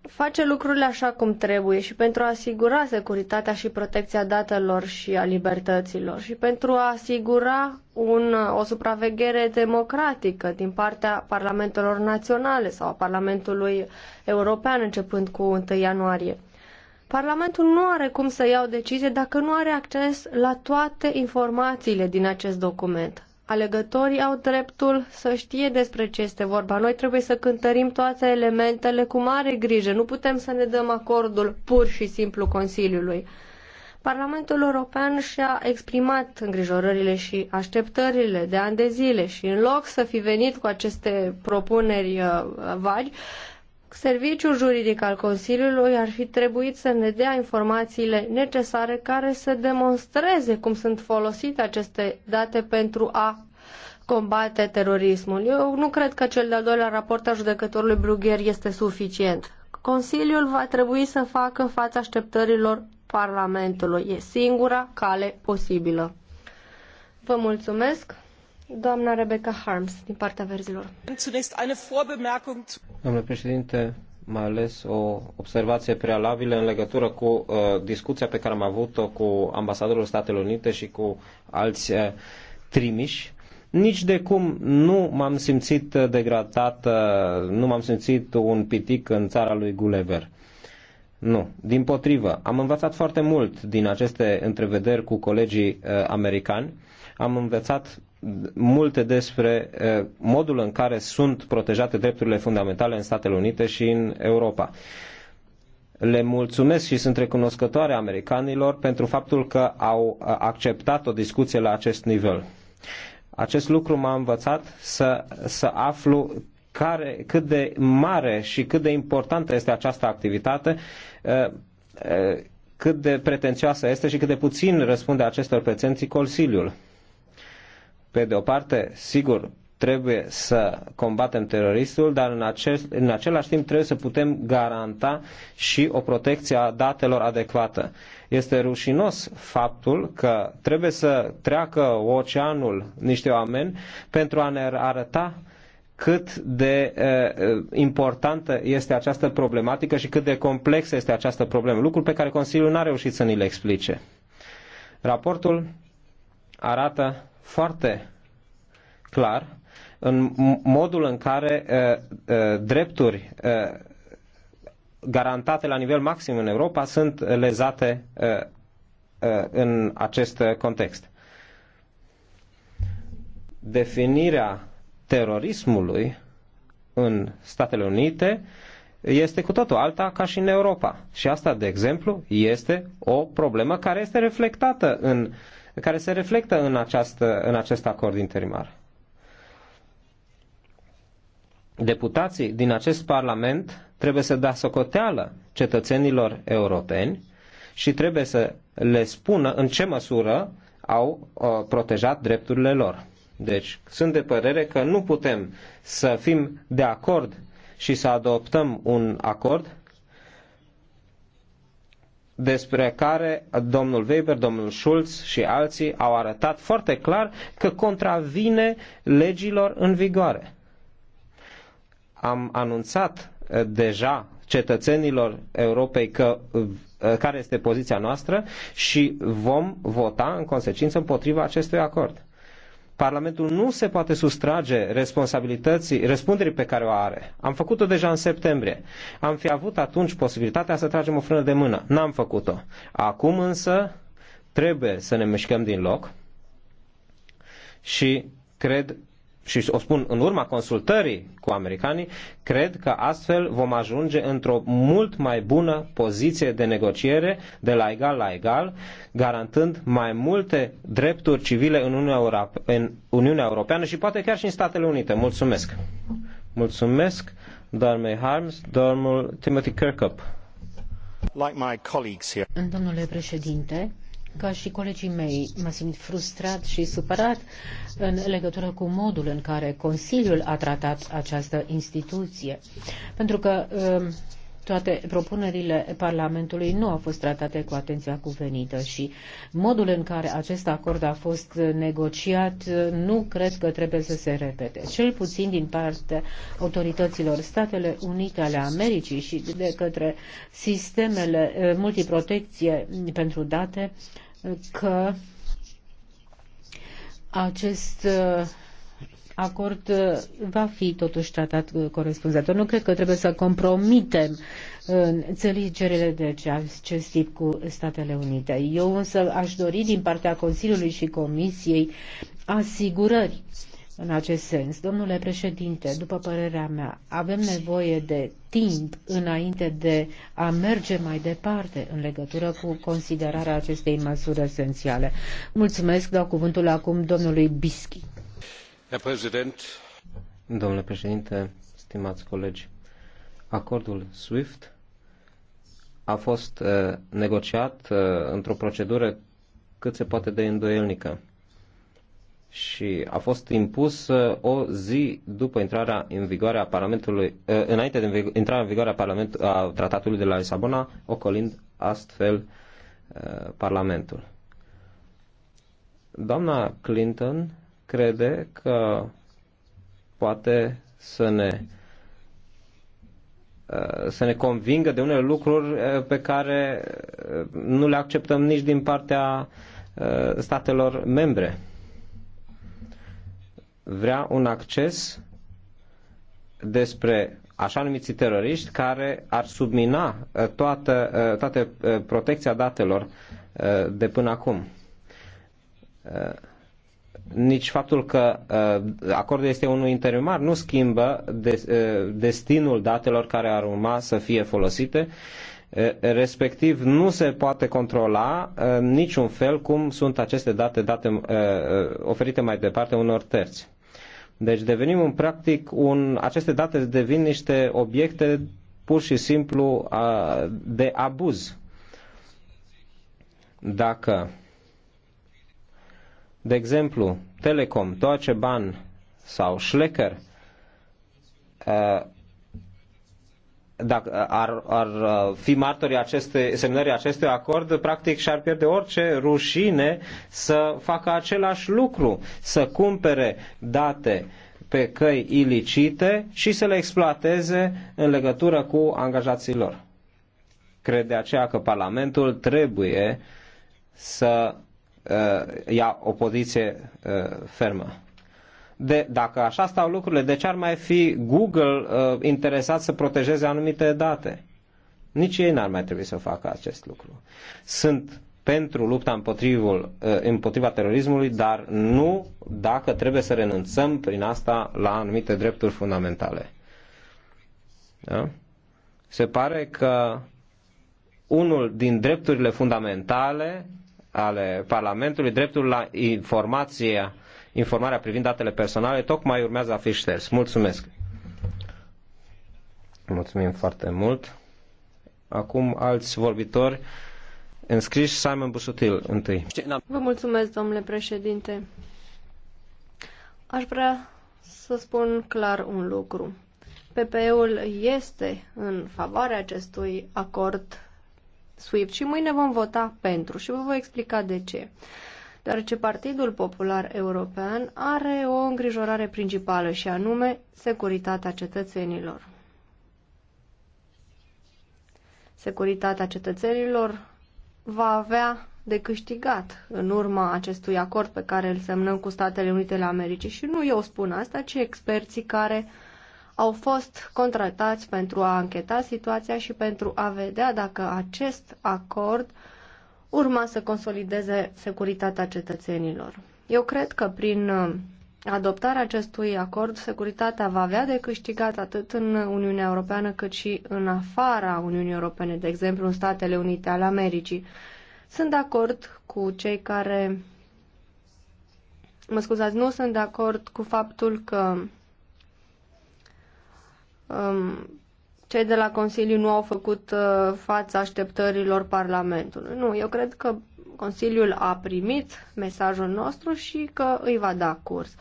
face lucrurile așa cum trebuie și pentru a asigura securitatea și protecția datelor și a libertăților și pentru a asigura un, o supraveghere democratică din partea parlamentelor naționale sau a Parlamentului European începând cu 1 ianuarie. Parlamentul nu are cum să ia o decizie dacă nu are acces la toate informațiile din acest document. Alegătorii au dreptul să știe despre ce este vorba. Noi trebuie să cântărim toate elementele cu mare grijă. Nu putem să ne dăm acordul pur și simplu Consiliului. Parlamentul European și-a exprimat îngrijorările și așteptările de ani de zile și în loc să fi venit cu aceste propuneri uh, vagi, Serviciul juridic al Consiliului ar fi trebuit să ne dea informațiile necesare care să demonstreze cum sunt folosite aceste date pentru a combate terorismul. Eu nu cred că cel de-al doilea raport al judecătorului Brugher este suficient. Consiliul va trebui să facă în fața așteptărilor Parlamentului. E singura cale posibilă. Vă mulțumesc. Doamna Rebecca Harms, din partea verzilor. Doamnă președinte, mai ales o observație prealabilă în legătură cu uh, discuția pe care am avut-o cu ambasadorul Statelor Unite și cu alți uh, trimiși. Nici de cum nu m-am simțit uh, degradat, uh, nu m-am simțit un pitic în țara lui Gulliver. Nu, din potrivă. Am învățat foarte mult din aceste întrevederi cu colegii uh, americani. Am învățat multe despre modul în care sunt protejate drepturile fundamentale în Statele Unite și în Europa. Le mulțumesc și sunt recunoscătoare americanilor pentru faptul că au acceptat o discuție la acest nivel. Acest lucru m-a învățat să, să aflu care, cât de mare și cât de importantă este această activitate, cât de pretențioasă este și cât de puțin răspunde acestor pretenții Consiliul. Pe de o parte, sigur, trebuie să combatem teroristul, dar în, acest, în același timp trebuie să putem garanta și o protecție a datelor adecvată. Este rușinos faptul că trebuie să treacă oceanul niște oameni pentru a ne arăta cât de e, importantă este această problematică și cât de complexă este această problemă, lucru pe care Consiliul n-a reușit să ni le explice. Raportul arată foarte clar în modul în care drepturi garantate la nivel maxim în Europa sunt lezate în acest context. Definirea terorismului în Statele Unite este cu totul alta ca și în Europa. Și asta, de exemplu, este o problemă care este reflectată în care se reflectă în, această, în acest acord interimar. Deputații din acest Parlament trebuie să dea socoteală cetățenilor europeni și trebuie să le spună în ce măsură au uh, protejat drepturile lor. Deci, sunt de părere că nu putem să fim de acord și să adoptăm un acord despre care domnul Weber, domnul Schulz și alții au arătat foarte clar că contravine legilor în vigoare. Am anunțat eh, deja cetățenilor Europei că, eh, care este poziția noastră și vom vota în consecință împotriva acestui acord. Parlamentul nu se poate sustrage responsabilității, răspunderii pe care o are. Am făcut-o deja în septembrie. Am fi avut atunci posibilitatea să tragem o frână de mână. N-am făcut-o. Acum însă trebuie să ne mișcăm din loc și cred și o spun în urma consultării cu americanii, cred că astfel vom ajunge într-o mult mai bună poziție de negociere de la egal la egal, garantând mai multe drepturi civile în Uniunea, Europe- în Uniunea Europeană și poate chiar și în Statele Unite. Mulțumesc! Mulțumesc, doamnei Harms, domnul Timothy Kirkup. Like my colleagues here. Domnule președinte, ca și colegii mei, mă simt frustrat și supărat în legătură cu modul în care Consiliul a tratat această instituție. Pentru că um, toate propunerile Parlamentului nu au fost tratate cu atenția cuvenită și modul în care acest acord a fost negociat nu cred că trebuie să se repete, cel puțin din partea autorităților Statele Unite ale Americii și de către sistemele uh, multiprotecție pentru date că acest uh, acord uh, va fi totuși tratat uh, corespunzător. Nu cred că trebuie să compromitem înțelegerile de acest tip cu Statele Unite. Eu însă aș dori din partea Consiliului și Comisiei asigurări în acest sens. Domnule președinte, după părerea mea, avem nevoie de timp înainte de a merge mai departe în legătură cu considerarea acestei măsuri esențiale. Mulțumesc, dau cuvântul acum domnului Bischi. Domnule președinte, stimați colegi, acordul SWIFT a fost eh, negociat eh, într-o procedură cât se poate de îndoielnică și a fost impus uh, o zi după intrarea în vigoare a Parlamentului, uh, înainte de intrarea în vigoare a, Parlament, a tratatului de la Lisabona, ocolind astfel uh, Parlamentul. Doamna Clinton crede că poate să ne să ne convingă de unele lucruri pe care nu le acceptăm nici din partea statelor membre vrea un acces despre așa numiții teroriști care ar submina uh, toată, uh, toată uh, protecția datelor de până acum. Nici faptul că acordul este unul interimar nu schimbă destinul datelor care ar urma să fie folosite, respectiv nu se poate controla niciun fel cum sunt aceste date, date oferite mai departe unor terți. Deci devenim în practic un, aceste date devin niște obiecte pur și simplu de abuz. Dacă, de exemplu, Telecom, Deutsche Bahn sau Schlecker dacă ar, ar uh, fi martorii aceste, semnării acestui acord, practic și-ar pierde orice rușine să facă același lucru, să cumpere date pe căi ilicite și să le exploateze în legătură cu angajații lor. Cred de aceea că Parlamentul trebuie să uh, ia o poziție uh, fermă de, dacă așa stau lucrurile, de ce ar mai fi Google uh, interesat să protejeze anumite date? Nici ei n-ar mai trebui să facă acest lucru. Sunt pentru lupta împotrivul, uh, împotriva terorismului, dar nu dacă trebuie să renunțăm prin asta la anumite drepturi fundamentale. Da? Se pare că unul din drepturile fundamentale ale Parlamentului, dreptul la informație informarea privind datele personale tocmai urmează a fi șters. Mulțumesc! Mulțumim foarte mult! Acum alți vorbitori înscris Simon Busutil întâi. Vă mulțumesc, domnule președinte. Aș vrea să spun clar un lucru. PPE-ul este în favoarea acestui acord SWIFT și mâine vom vota pentru și vă voi explica de ce deoarece Partidul Popular European are o îngrijorare principală și anume securitatea cetățenilor. Securitatea cetățenilor va avea de câștigat în urma acestui acord pe care îl semnăm cu Statele Unite ale Americii. Și nu eu spun asta, ci experții care au fost contratați pentru a ancheta situația și pentru a vedea dacă acest acord uh, urma să consolideze securitatea cetățenilor. Eu cred că prin uh, adoptarea acestui acord, securitatea va avea de câștigat atât în Uniunea Europeană cât și în afara Uniunii Europene, de exemplu în Statele Unite ale Americii. Sunt de acord cu cei care. Mă scuzați, nu sunt de acord cu faptul că um, cei de la Consiliu nu au făcut uh, fața așteptărilor Parlamentului. Nu, eu cred că Consiliul a primit mesajul nostru și că îi va da curs.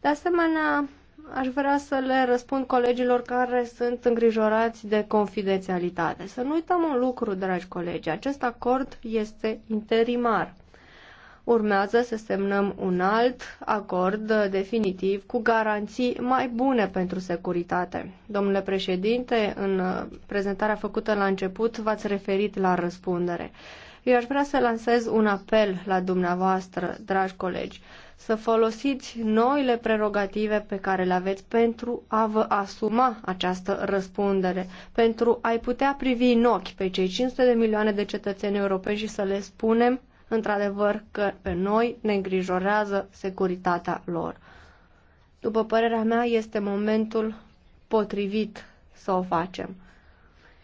De asemenea, aș vrea să le răspund colegilor care sunt îngrijorați de confidențialitate. Să nu uităm un lucru, dragi colegi, acest acord este interimar urmează să semnăm un alt acord definitiv cu garanții mai bune pentru securitate. Domnule președinte, în prezentarea făcută la început v-ați referit la răspundere. Eu aș vrea să lansez un apel la dumneavoastră, dragi colegi, să folosiți noile prerogative pe care le aveți pentru a vă asuma această răspundere, pentru a-i putea privi în ochi pe cei 500 de milioane de cetățeni europeni și să le spunem într-adevăr că pe noi ne îngrijorează securitatea lor. După părerea mea, este momentul potrivit să o facem.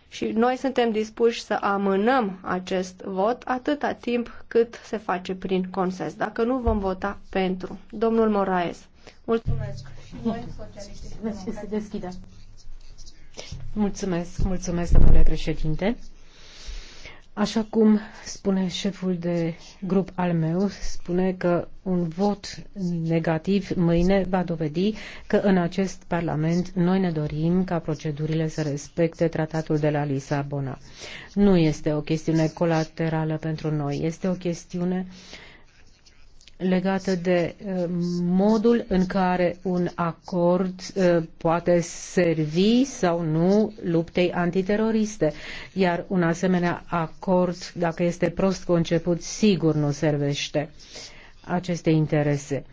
Și noi suntem dispuși să amânăm acest vot atâta timp cât se face prin consens. Dacă nu, vom vota pentru. Domnul Moraes. Mulțumesc. Mulțumesc. Mulțumesc, mulțumesc, domnule președinte. Așa cum spune șeful de grup al meu, spune că un vot negativ mâine va dovedi că în acest Parlament noi ne dorim ca procedurile să respecte tratatul de la Lisabona. Nu este o chestiune colaterală pentru noi, este o chestiune uh, legată de uh, modul în care un acord uh, poate servi sau nu luptei antiteroriste. Iar un asemenea acord, dacă este prost conceput, sigur nu servește aceste interese.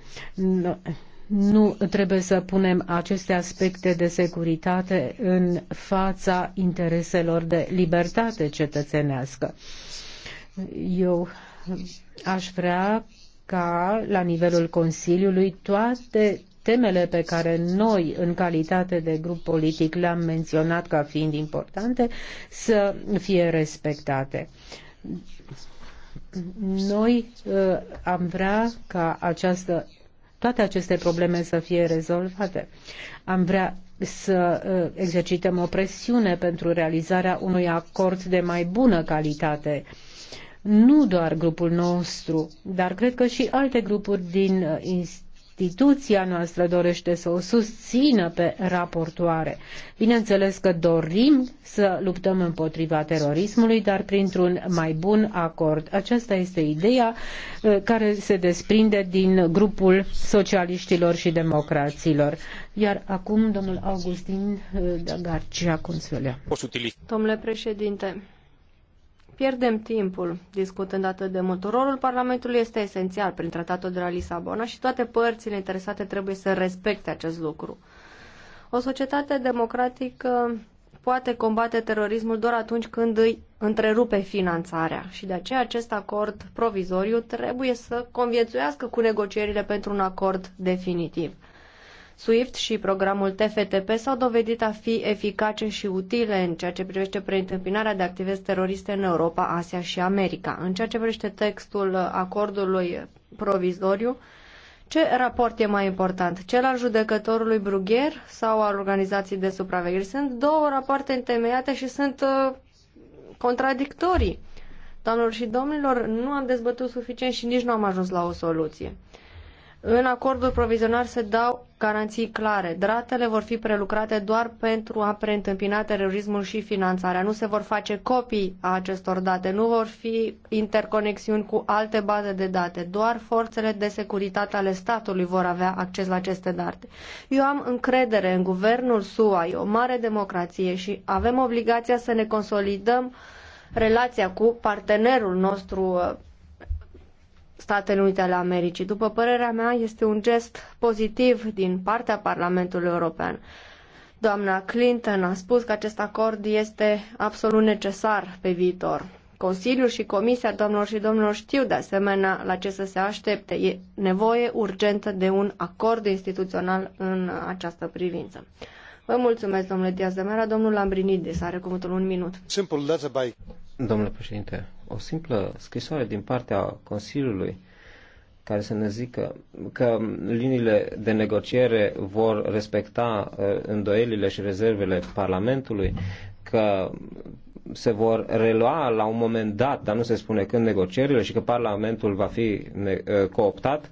Nu trebuie să punem aceste aspecte de securitate în fața intereselor de libertate cetățenească. Eu aș vrea ca la nivelul Consiliului toate temele pe care noi, în calitate de grup politic, le-am menționat ca fiind importante, să fie respectate. Noi uh, am vrea ca această, toate aceste probleme să fie rezolvate. Am vrea să uh, exercităm o presiune pentru realizarea unui acord de mai bună calitate uh, nu doar grupul nostru, dar cred că și alte grupuri din uh, instituția noastră dorește să o susțină pe raportoare. Bineînțeles că dorim să luptăm împotriva terorismului, dar printr-un mai bun acord. Aceasta este ideea uh, care se desprinde din grupul socialiștilor și democraților. Iar acum, domnul Augustin uh, Garcia Consuelea. Domnule președinte, pierdem timpul discutând atât de mult. Rolul Parlamentului este esențial prin tratatul de la Lisabona și toate părțile interesate trebuie să respecte acest lucru. O societate democratică poate combate terorismul doar atunci când îi întrerupe finanțarea și de aceea acest acord provizoriu trebuie să conviețuiască cu negocierile pentru un acord definitiv. SWIFT și programul TFTP s-au dovedit a fi eficace și utile în ceea ce privește preîntâmpinarea de activități teroriste în Europa, Asia și America. În ceea ce privește textul acordului provizoriu, ce raport e mai important? Cel al judecătorului Brugher sau al organizației de supraveghere? Sunt două rapoarte întemeiate și sunt uh, contradictorii. Doamnelor și domnilor, nu am dezbătut suficient și nici nu am ajuns la o soluție. În acordul provizionar se dau garanții clare. Datele vor fi prelucrate doar pentru a preîntâmpina terorismul și finanțarea. Nu se vor face copii a acestor date, nu vor fi interconexiuni cu alte baze de date. Doar forțele de securitate ale statului vor avea acces la aceste date. Eu am încredere în guvernul SUA, e o mare democrație și avem obligația să ne consolidăm relația cu partenerul nostru uh, Statele Unite ale Americii. După părerea mea, este un gest pozitiv din partea Parlamentului European. Doamna Clinton a spus că acest acord este absolut necesar pe viitor. Consiliul și Comisia, doamnelor și domnilor, știu de asemenea la ce să se aștepte. E nevoie urgentă de un acord instituțional în această privință. Vă mulțumesc, domnule Diaz de Mera. Domnul Lambrinidis are cuvântul un minut. Simple letter by Domnule președinte, o simplă scrisoare din partea Consiliului care să ne zică că liniile de negociere vor respecta uh, îndoielile și rezervele Parlamentului, că se vor relua la un moment dat, dar nu se spune când, negocierile și că Parlamentul va fi uh, cooptat,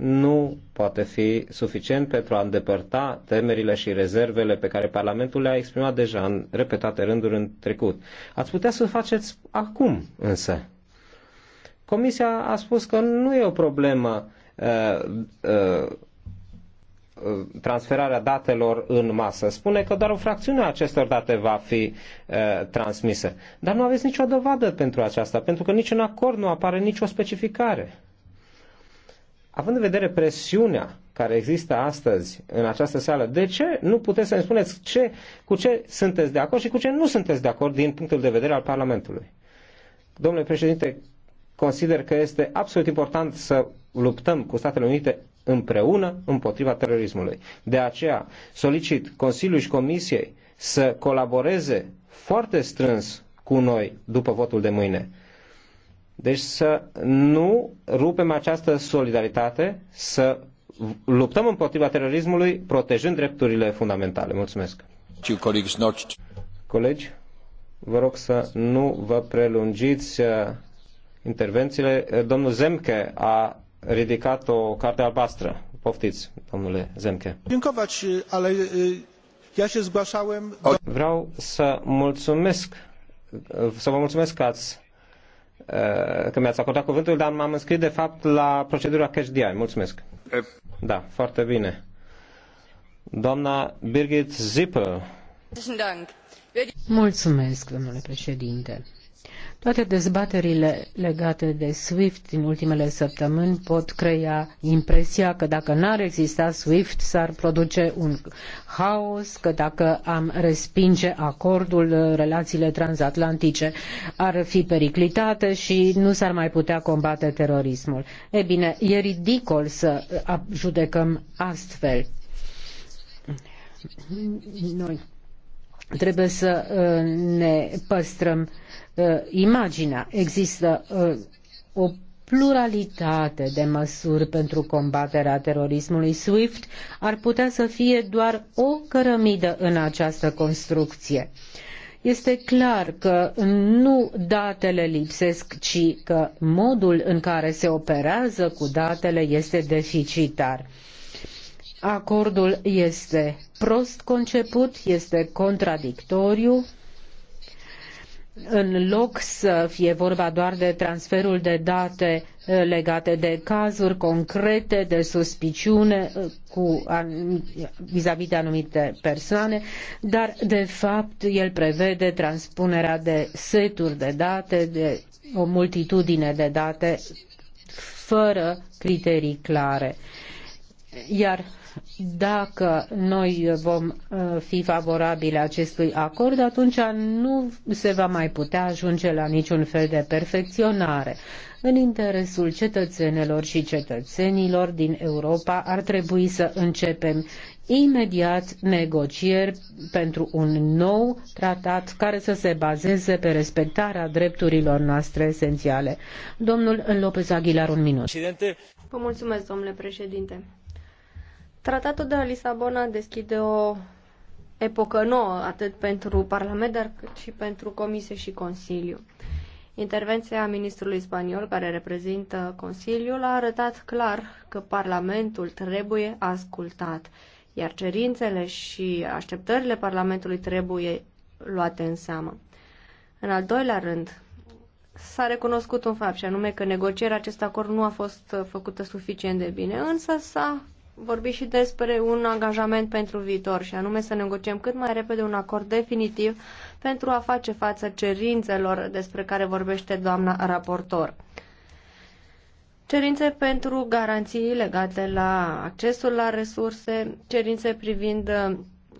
nu poate fi suficient pentru a îndepărta temerile și rezervele pe care Parlamentul le-a exprimat deja în repetate rânduri în trecut. Ați putea să faceți acum însă. Comisia a spus că nu e o problemă uh, uh, uh, transferarea datelor în masă. Spune că doar o fracțiune a acestor date va fi transmisă. Dar nu aveți nicio dovadă pentru aceasta, pentru că nici în acord nu apare nicio specificare. Având în vedere presiunea care există astăzi în această sală, de ce nu puteți să ne spuneți ce, cu ce sunteți de acord și cu ce nu sunteți de acord din punctul de vedere al Parlamentului? Domnule președinte, consider că este absolut important să luptăm cu Statele Unite împreună împotriva terorismului. De aceea solicit Consiliului și Comisiei să colaboreze foarte strâns cu noi după votul de mâine. Deci să nu rupem această solidaritate, să luptăm împotriva terorismului, protejând drepturile fundamentale. Mulțumesc. Colegi, vă rog să nu vă prelungiți uh, intervențiile. Uh, domnul Zemke a ridicat o carte albastră. Poftiți, domnule Zemke. Uh, Vreau să mulțumesc, să vă mulțumesc că ați Uh, că mi-ați acordat cuvântul, dar m-am înscris de fapt la procedura cash DI. Mulțumesc. Da, foarte bine. Doamna Birgit Zippel. Mulțumesc, domnule președinte. Toate dezbaterile legate de SWIFT din ultimele săptămâni pot crea impresia că dacă n-ar exista SWIFT s-ar produce un haos, că dacă am respinge acordul, relațiile transatlantice ar fi periclitate și nu s-ar mai putea combate terorismul. E bine, e ridicol să judecăm astfel. Noi trebuie să uh, ne păstrăm Ă, imaginea. Există ă, o pluralitate de măsuri pentru combaterea terorismului SWIFT ar putea să fie doar o cărămidă în această construcție. Este clar că nu datele lipsesc, ci că modul în care se operează cu datele este deficitar. Acordul este prost conceput, este contradictoriu, în loc să fie vorba doar de transferul de date eh, legate de cazuri concrete, de suspiciune eh, cu, vis-a-vis -vis de anumite persoane, dar de fapt el prevede transpunerea de seturi de date, de o multitudine de date, fără criterii clare. Iar dacă noi vom uh, fi favorabili acestui acord, atunci nu se va mai putea ajunge la niciun fel de perfecționare. În interesul cetățenilor și cetățenilor din Europa ar trebui să începem imediat negocieri pentru un nou tratat care să se bazeze pe respectarea drepturilor noastre esențiale. Domnul López Aguilar, un minut. Vă mulțumesc, domnule președinte. Tratatul de la Lisabona deschide o epocă nouă, atât pentru Parlament, dar cât și pentru Comisie și Consiliu. Intervenția ministrului spaniol, care reprezintă Consiliul, a arătat clar că Parlamentul trebuie ascultat, iar cerințele și așteptările Parlamentului trebuie luate în seamă. În al doilea rând, s-a recunoscut un fapt, și anume că negocierea acest acord nu a fost făcută suficient de bine, însă s-a vorbi și despre un angajament pentru viitor și anume să negociem cât mai repede un acord definitiv pentru a face față cerințelor despre care vorbește doamna raportor. Cerințe pentru garanții legate la accesul la resurse, cerințe privind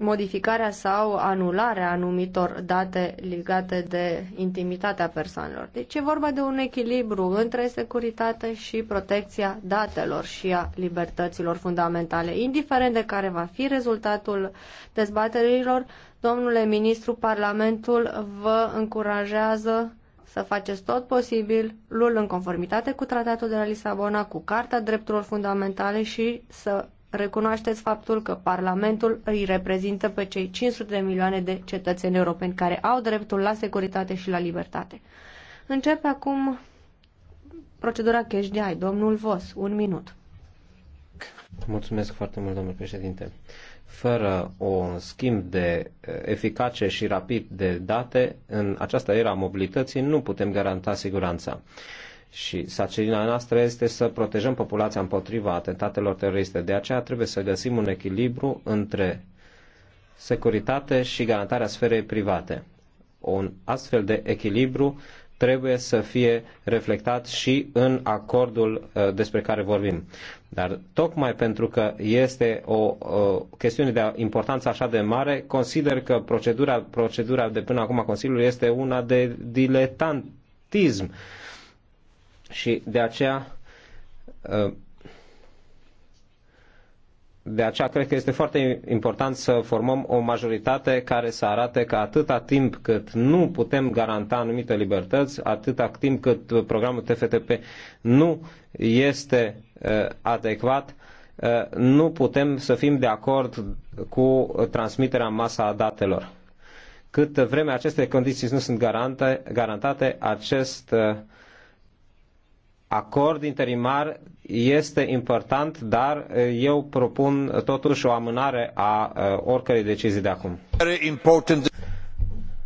modificarea sau anularea anumitor date legate de intimitatea persoanelor. Deci e vorba de un echilibru între securitate și protecția datelor și a libertăților fundamentale. Indiferent de care va fi rezultatul dezbaterilor, domnule ministru, Parlamentul vă încurajează să faceți tot posibilul în conformitate cu Tratatul de la Lisabona, cu Carta Drepturilor Fundamentale și să recunoașteți faptul că Parlamentul îi reprezintă pe cei 500 de milioane de cetățeni europeni care au dreptul la securitate și la libertate. Începe acum procedura cash de ai. Domnul Vos, un minut. Mulțumesc foarte mult, domnul președinte. Fără un schimb de eh, eficace și rapid de date, în această era mobilității nu putem garanta siguranța și sacerina noastră este să protejăm populația împotriva atentatelor teroriste. De aceea trebuie să găsim un echilibru între securitate și garantarea sferei private. Un astfel de echilibru trebuie să fie reflectat și în acordul uh, despre care vorbim. Dar tocmai pentru că este o, uh, chestiune de importanță așa de mare, consider că procedura, procedura de până acum a Consiliului este una de diletantism. Uh, și de aceea, uh, de aceea cred că este foarte important să formăm o majoritate care să arate că atâta timp cât nu putem garanta anumite libertăți, atâta timp cât programul TFTP nu este uh, adecvat, uh, nu putem să fim de acord cu transmiterea în masa a datelor. Cât vreme aceste condiții nu sunt garante, garantate, acest uh, acord interimar este important, dar eu propun totuși o amânare a oricărei decizii de acum.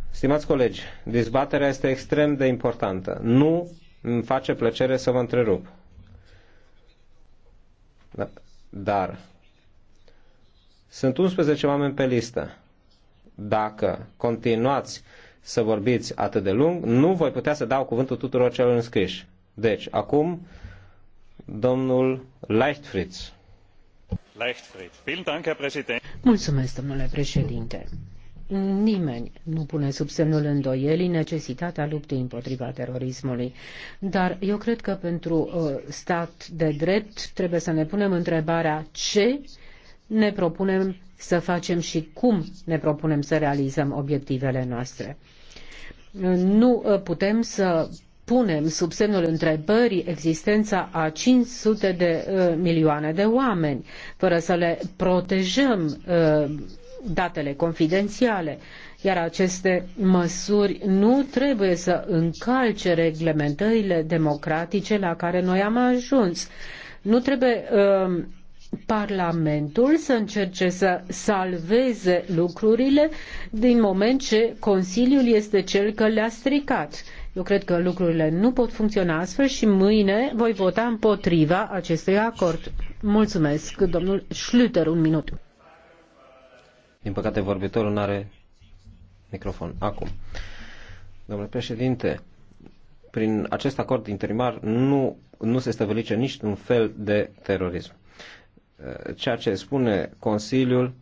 Stimați colegi, dezbaterea este extrem de importantă. Nu îmi face plăcere să vă întrerup. Da, dar sunt 11 oameni pe listă. Dacă continuați să vorbiți atât de lung, nu voi putea să dau cuvântul tuturor celor înscriși. Deci, acum, domnul Leichtfried. Leichtfried. Mulțumesc, domnule președinte. Nimeni nu pune sub semnul îndoielii necesitatea luptei împotriva terorismului, dar eu cred că pentru uh, stat de drept trebuie să ne punem întrebarea ce ne propunem să facem și cum ne propunem să realizăm obiectivele noastre. Nu uh, putem să punem sub semnul întrebării existența a 500 de uh, milioane de oameni, fără să le protejăm uh, datele confidențiale. Iar aceste măsuri nu trebuie să încalce reglementările democratice la care noi am ajuns. Nu trebuie uh, Parlamentul să încerce să salveze lucrurile din moment ce Consiliul este cel că le-a stricat. Eu cred că lucrurile nu pot funcționa astfel și mâine voi vota împotriva acestui acord. Mulțumesc, domnul Schlüter, un minut. Din păcate, vorbitorul nu are microfon. Acum. Domnule președinte, prin acest acord interimar nu, nu se stăvălice nici un fel de terorism. Ceea ce spune Consiliul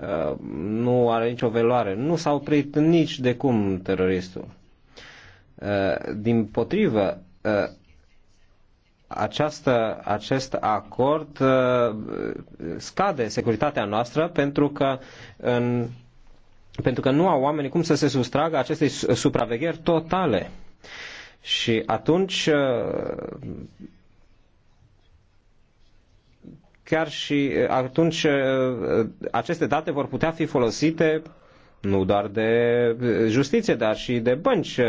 uh, nu are nicio veloare. Nu s-a oprit nici de cum teroristul. Uh, din potrivă, uh, această, acest acord uh, scade securitatea noastră pentru că în pentru că nu au oamenii cum să se sustragă acestei supravegheri totale. Și atunci chiar și atunci aceste date vor putea fi folosite nu doar de justiție, dar și de bănci uh,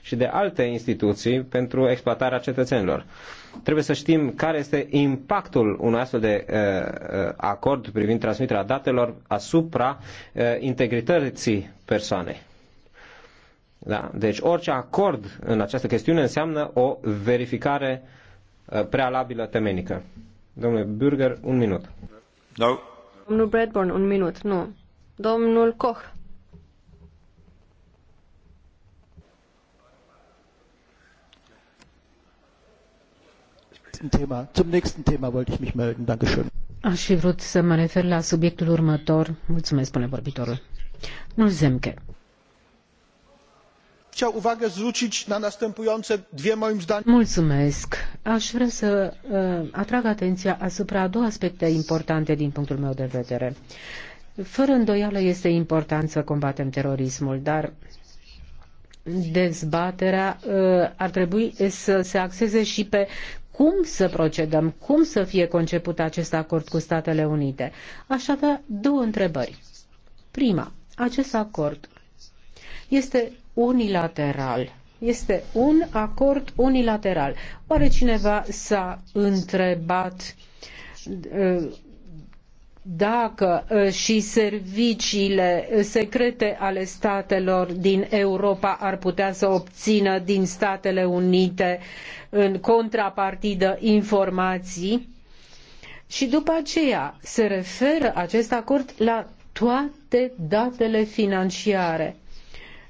și de alte instituții pentru exploatarea cetățenilor. Trebuie să știm care este impactul unui astfel de uh, uh, acord privind transmiterea datelor asupra uh, integrității persoanei. Da? Deci orice acord în această chestiune înseamnă o verificare uh, prealabilă temenică. Domnule Burger, un minut. No. Da. Domnul Bradburn, un minut, nu. Domnul Koch nächsten Thema, zum nächsten Thema wollte ich mich melden. Dankeschön. Aș fi vrut să mă refer la subiectul următor. Mulțumesc, spune vorbitorul. Mulțumesc. Zemke. Chciał uwagę zwrócić na następujące dwie moim zdaniem. Mulțumesc. Aș vrea să uh, atrag atenția asupra două aspecte importante din punctul meu de vedere. Fără îndoială este important să combatem terorismul, dar dezbaterea ar trebui să se axeze și pe cum să procedăm, cum să fie conceput acest acord cu Statele Unite. Aș avea două întrebări. Prima, acest acord este unilateral. Este un acord unilateral. Oare cineva s-a întrebat uh, dacă ă, și serviciile secrete ale statelor din Europa ar putea să obțină din Statele Unite în contrapartidă informații. Și după aceea se referă acest acord la toate datele financiare.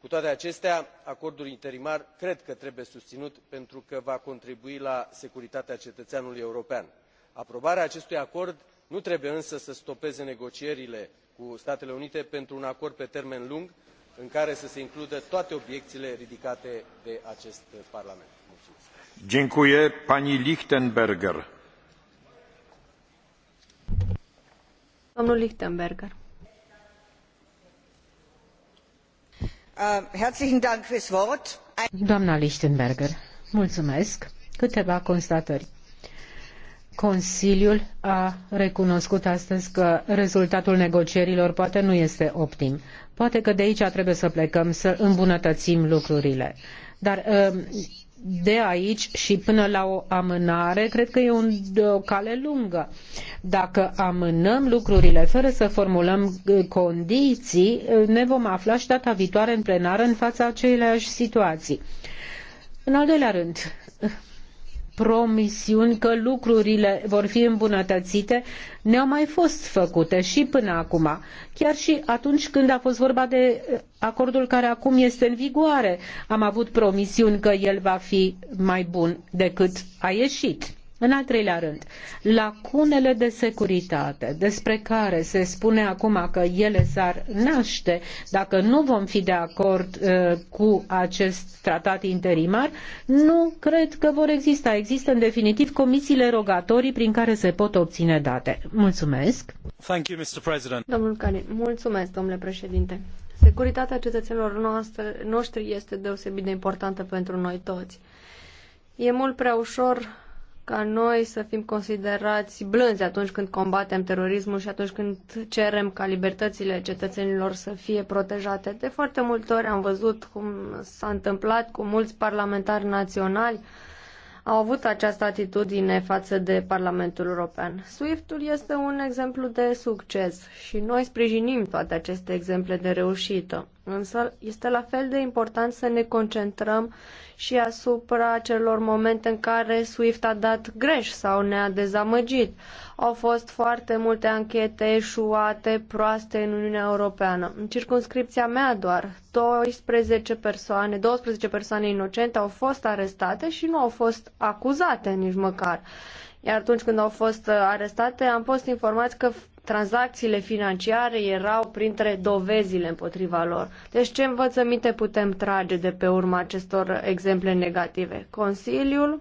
cu toate acestea acordul interimar cred că trebuie susinut pentru că va contribui la securitatea cetăeanului european. aprobarea acestui acord nu trebuie însă să stopeze negocierile cu statele unite pentru un acord pe termen lung în care să se includă toate obieciile ridicate de acest parlament. Mulțumesc. Äh, doamnă Lichtenberger, mulțumesc. Câteva constatări. Consiliul a recunoscut astăzi că rezultatul negocierilor poate nu este optim. Poate că de aici trebuie să plecăm, să îmbunătățim lucrurile. Dar de aici și până la o amânare, cred că e un, o cale lungă. Dacă amânăm lucrurile fără să formulăm uh, condiții, uh, ne vom afla și data viitoare în plenară în fața aceleiași situații. În al doilea rând, promisiuni că lucrurile vor fi îmbunătățite ne-au mai fost făcute și până acum. Chiar și atunci când a fost vorba de acordul care acum este în vigoare, am avut promisiuni că el va fi mai bun decât a ieșit. În al treilea rând, lacunele de securitate, despre care se spune acum că ele s-ar naște dacă nu vom fi de acord uh, cu acest tratat interimar, nu cred că vor exista. Există, în definitiv, comisiile rogatorii prin care se pot obține date. Mulțumesc. Thank you, Mr. President. Domnul mulțumesc, domnule președinte. Securitatea cetățenilor noastre, noștri este deosebit de importantă pentru noi toți. E mult prea ușor ca noi să fim considerați blânzi atunci când combatem terorismul și atunci când cerem ca libertățile cetățenilor să fie protejate. De foarte multe ori am văzut cum s-a întâmplat cu mulți parlamentari naționali au avut această atitudine față de Parlamentul European. SWIFT-ul este un exemplu de succes și noi sprijinim toate aceste exemple de reușită. Însă este la fel de important să ne concentrăm și asupra celor momente în care SWIFT a dat greș sau ne-a dezamăgit. Au fost foarte multe anchete eșuate, proaste în Uniunea Europeană. În circunscripția mea doar 12 persoane, 12 persoane inocente au fost arestate și nu au fost acuzate nici măcar. Iar atunci când au fost uh, arestate, am fost informați că tranzacțiile financiare erau printre dovezile împotriva lor. Deci ce învățăminte putem trage de pe urma acestor exemple negative? Consiliul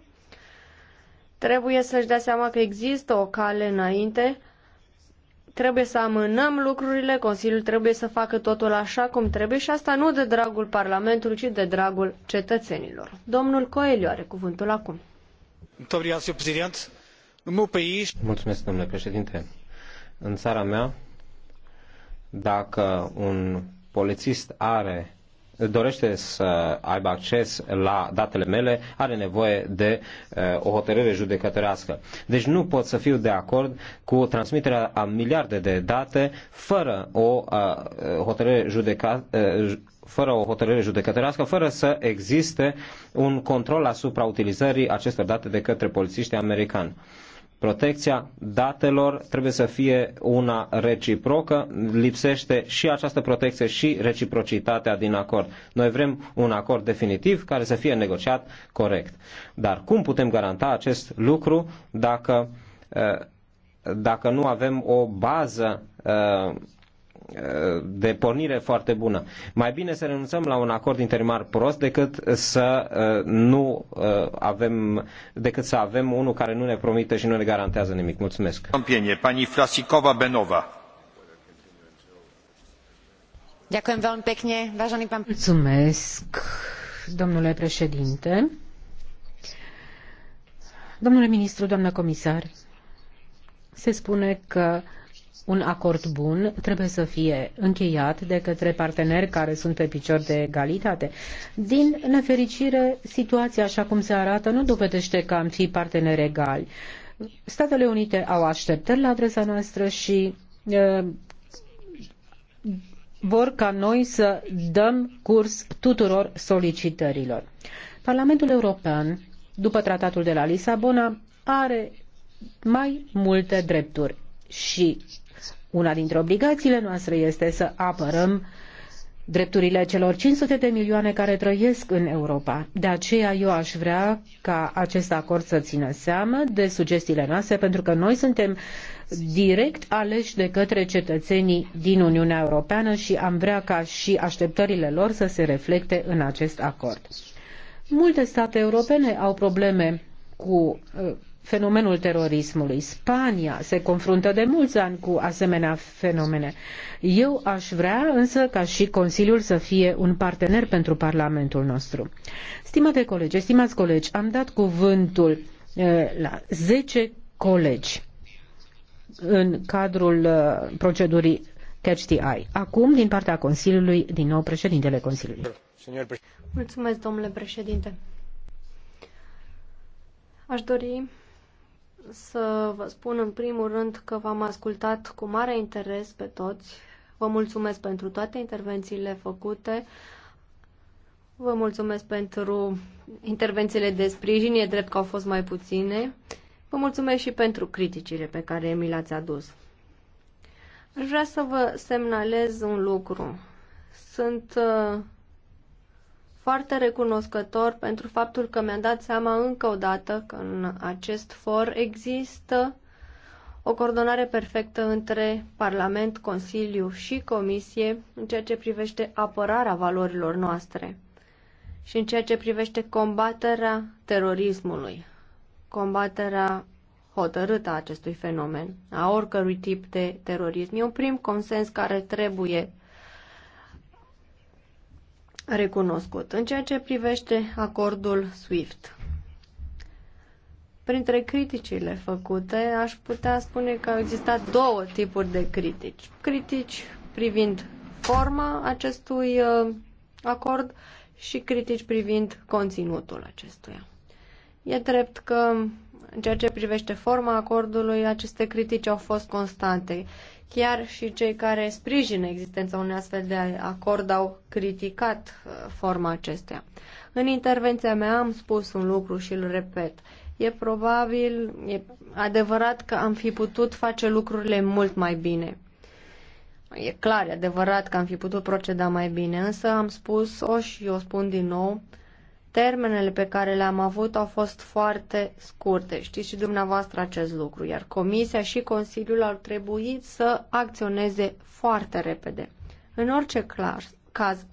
trebuie să-și dea seama că există o cale înainte, trebuie să amânăm lucrurile, Consiliul trebuie să facă totul așa cum trebuie și asta nu de dragul Parlamentului, ci de dragul cetățenilor. Domnul Coelho are cuvântul acum. Mulțumesc, domnule președinte. În țara mea, dacă un polițist are dorește să aibă acces la datele mele are nevoie de eh, o hotărâre judecătorească. Deci nu pot să fiu de acord cu transmiterea a miliarde de date fără o eh, hotărâre Uh, fără o hotărâre judecătorească, fără să existe un control asupra utilizării acestor date de către polițiștii americani. Protecția datelor trebuie să fie una reciprocă, lipsește și această protecție și reciprocitatea din acord. Noi vrem un acord definitiv care să fie negociat corect. Dar cum putem garanta acest lucru dacă, eh, dacă nu avem o bază eh, de pornire foarte bună. Mai bine să renunțăm la un acord interimar prost decât să uh, nu uh, avem, decât să avem unul care nu ne promite și nu ne garantează nimic. Mulțumesc. Pani Flasikova Benova. Ďakujem veľmi pekne, vážený pán... Mulțumesc, domnule președinte. Domnule ministru, doamnă comisar, se spune că un acord bun trebuie să fie încheiat de către parteneri care sunt pe picior de egalitate. Din nefericire, situația așa cum se arată nu dovedește că am fi parteneri egali. Statele Unite au așteptări la adresa noastră și uh, vor ca noi să dăm curs tuturor solicitărilor. Parlamentul European, după tratatul de la Lisabona, are mai multe drepturi și una dintre obligațiile noastre este să apărăm drepturile celor 500 de milioane care trăiesc în Europa. De aceea eu aș vrea ca acest acord să țină seamă de sugestiile noastre, pentru că noi suntem direct aleși de către cetățenii din Uniunea Europeană și am vrea ca și așteptările lor să se reflecte în acest acord. Multe state europene au probleme cu uh, fenomenul terorismului. Spania se confruntă de mulți ani cu asemenea fenomene. Eu aș vrea însă ca și Consiliul să fie un partener pentru Parlamentul nostru. Stimate colegi, stimați colegi, am dat cuvântul eh, la 10 colegi în cadrul eh, procedurii Catch the Eye. Acum, din partea Consiliului, din nou președintele Consiliului. Mulțumesc, domnule președinte. Aș dori să vă spun în primul rând că v-am ascultat cu mare interes pe toți. Vă mulțumesc pentru toate intervențiile făcute. Vă mulțumesc pentru intervențiile de sprijin, e drept că au fost mai puține. Vă mulțumesc și pentru criticile pe care mi le-ați adus. Aș vrea să vă semnalez un lucru. Sunt uh, foarte recunoscător pentru faptul că mi-am dat seama încă o dată că în acest for există o coordonare perfectă între Parlament, Consiliu și Comisie în ceea ce privește apărarea valorilor noastre și în ceea ce privește combaterea terorismului, combaterea hotărâtă a acestui fenomen, a oricărui tip de terorism. E un prim consens care trebuie recunoscut. În ceea ce privește acordul SWIFT, printre criticile făcute, aș putea spune că au existat două tipuri de critici. Critici privind forma acestui uh, acord și critici privind conținutul acestuia. E drept că în ceea ce privește forma acordului, aceste critici au fost constante. Chiar și cei care sprijină existența unui astfel de acord au criticat uh, forma acestea. În intervenția mea am spus un lucru și îl repet. E probabil, e adevărat că am fi putut face lucrurile mult mai bine. E clar, e adevărat că am fi putut proceda mai bine, însă am spus-o și o spun din nou, termenele pe care le-am avut au fost foarte scurte. Știți și dumneavoastră acest lucru, iar Comisia și Consiliul au trebuit să acționeze foarte repede. În orice clar, caz,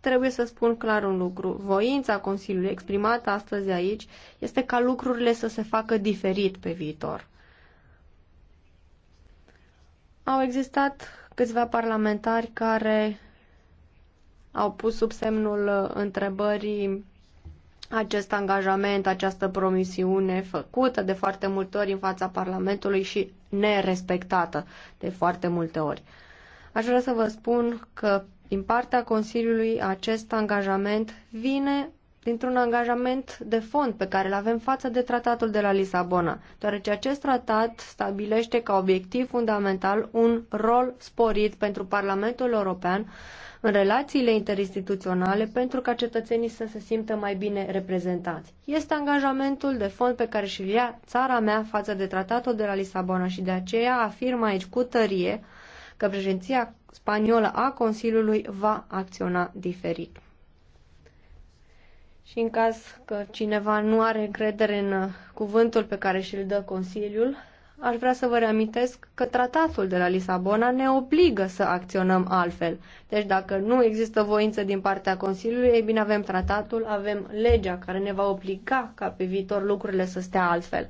trebuie să spun clar un lucru. Voința Consiliului exprimată astăzi aici este ca lucrurile să se facă diferit pe viitor. Au existat câțiva parlamentari care au pus sub semnul întrebării acest angajament, această promisiune făcută de foarte multe ori în fața Parlamentului și nerespectată de foarte multe ori. Aș vrea să vă spun că din partea Consiliului acest angajament vine dintr-un angajament de fond pe care îl avem față de tratatul de la Lisabona, deoarece acest tratat stabilește ca obiectiv fundamental un rol sporit pentru Parlamentul European în relațiile interinstituționale pentru ca cetățenii să se simtă mai bine reprezentați. Este angajamentul de fond pe care și-l ia țara mea față de tratatul de la Lisabona și de aceea afirm aici cu tărie că președinția spaniolă a Consiliului va acționa diferit. Și în caz că cineva nu are încredere în cuvântul pe care și-l dă Consiliul, aș vrea să vă reamintesc că tratatul de la Lisabona ne obligă să acționăm altfel. Deci dacă nu există voință din partea Consiliului, ei bine avem tratatul, avem legea care ne va obliga ca pe viitor lucrurile să stea altfel.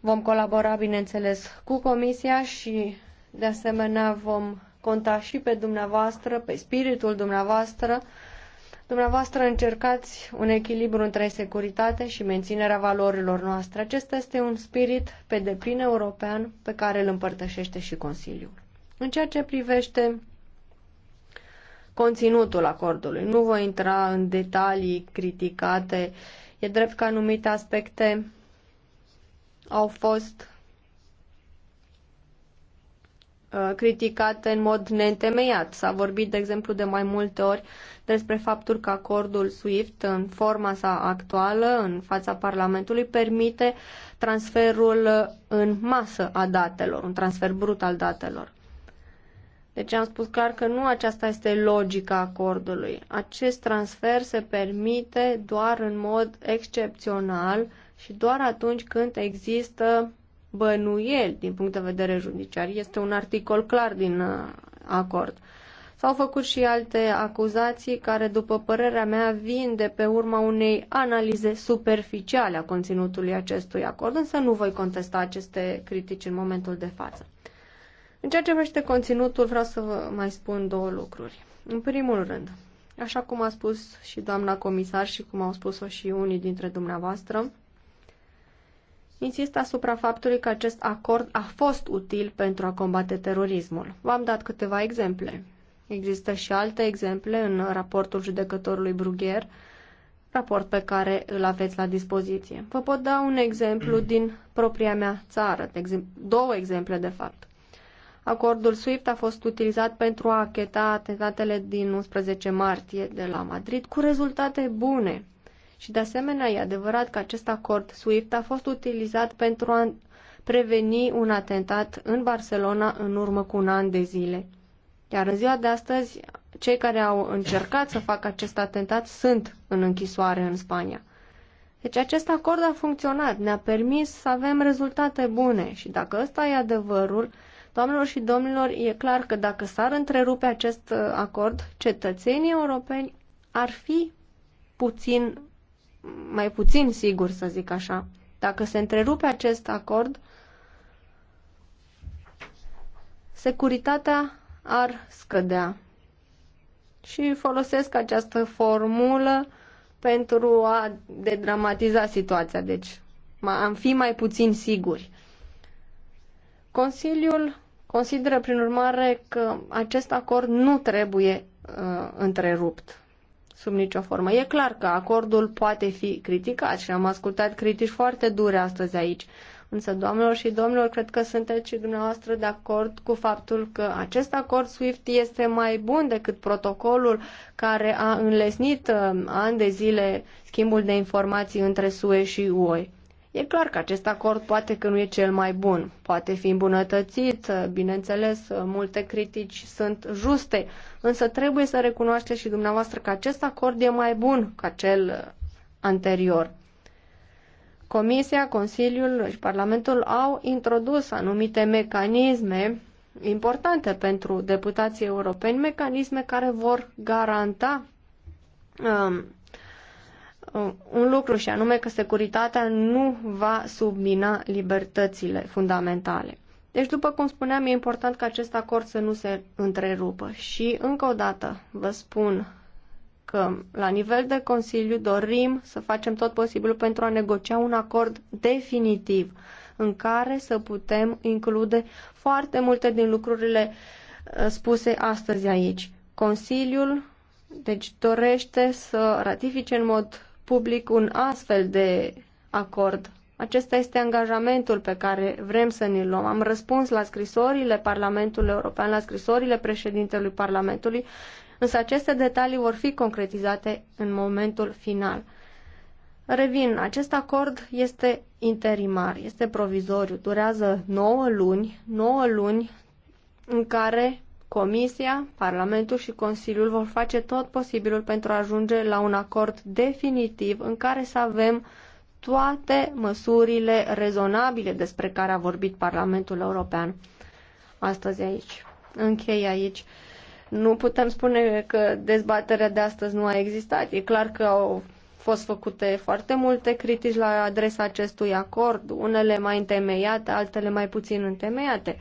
Vom colabora, bineînțeles, cu Comisia și, de asemenea, vom conta și pe dumneavoastră, pe spiritul dumneavoastră, Dumneavoastră încercați un echilibru între securitate și menținerea valorilor noastre. Acesta este un spirit pe deplin european pe care îl împărtășește și Consiliul. În ceea ce privește conținutul acordului, nu voi intra în detalii criticate. E drept că anumite aspecte au fost Uh, criticate în mod neîntemeiat. S-a vorbit, de exemplu, de mai multe ori despre faptul că acordul SWIFT, în forma sa actuală, în fața Parlamentului, permite transferul în masă a datelor, un transfer brut al datelor. Deci am spus clar că nu aceasta este logica acordului. Acest transfer se permite doar în mod excepțional și doar atunci când există bănuieli din punct de vedere judiciar. Este un articol clar din uh, acord. S-au făcut și alte acuzații care, după părerea mea, vin de pe urma unei analize superficiale a conținutului acestui acord, însă nu voi contesta aceste critici în momentul de față. În ceea ce privește conținutul, vreau să vă mai spun două lucruri. În primul rând, așa cum a spus și doamna comisar și cum au spus-o și unii dintre dumneavoastră, insist asupra faptului că acest acord a fost util pentru a combate terorismul. V-am dat câteva exemple. Există și alte exemple în raportul judecătorului Brugher, raport pe care îl aveți la dispoziție. Vă pot da un exemplu din propria mea țară, de exemp- două exemple de fapt. Acordul SWIFT a fost utilizat pentru a acheta atentatele din 11 martie de la Madrid cu rezultate bune. Și de asemenea, e adevărat că acest acord SWIFT a fost utilizat pentru a preveni un atentat în Barcelona în urmă cu un an de zile. Iar în ziua de astăzi, cei care au încercat să facă acest atentat sunt în închisoare în Spania. Deci acest acord a funcționat, ne-a permis să avem rezultate bune și dacă ăsta e adevărul, doamnelor și domnilor, e clar că dacă s-ar întrerupe acest uh, acord, cetățenii europeni ar fi puțin mai puțin sigur, să zic așa. Dacă se întrerupe acest acord, securitatea ar scădea. Și folosesc această formulă pentru a dedramatiza situația, deci am fi mai puțin siguri. Consiliul consideră, prin urmare, că acest acord nu trebuie uh, întrerupt sub nicio formă. E clar că acordul poate fi criticat și am ascultat critici foarte dure astăzi aici. Însă, doamnelor și domnilor, cred că sunteți și dumneavoastră de acord cu faptul că acest acord SWIFT este mai bun decât protocolul care a înlesnit uh, ani de zile schimbul de informații între SUE și UE. E clar că acest acord poate că nu e cel mai bun, poate fi îmbunătățit, bineînțeles, multe critici sunt juste, însă trebuie să recunoașteți și dumneavoastră că acest acord e mai bun ca cel anterior. Comisia, Consiliul și Parlamentul au introdus anumite mecanisme importante pentru deputații europeni, mecanisme care vor garanta um, Uh, un lucru și anume că securitatea nu va submina libertățile fundamentale. Deci, după cum spuneam, e important ca acest acord să nu se întrerupă. Și, încă o dată, vă spun că, la nivel de Consiliu, dorim să facem tot posibilul pentru a negocia un acord definitiv în care să putem include foarte multe din lucrurile uh, spuse astăzi aici. Consiliul, deci, dorește să ratifice în mod public un astfel de acord. Acesta este angajamentul pe care vrem să ne luăm. Am răspuns la scrisorile Parlamentului European, la scrisorile președintelui Parlamentului, însă aceste detalii vor fi concretizate în momentul final. Revin, acest acord este interimar, este provizoriu, durează 9 luni, 9 luni în care Comisia, Parlamentul și Consiliul vor face tot posibilul pentru a ajunge la un acord definitiv în care să avem toate măsurile rezonabile despre care a vorbit Parlamentul European astăzi aici. Închei aici. Nu putem spune că dezbaterea de astăzi nu a existat. E clar că au fost făcute foarte multe critici la adresa acestui acord, unele mai întemeiate, altele mai puțin întemeiate.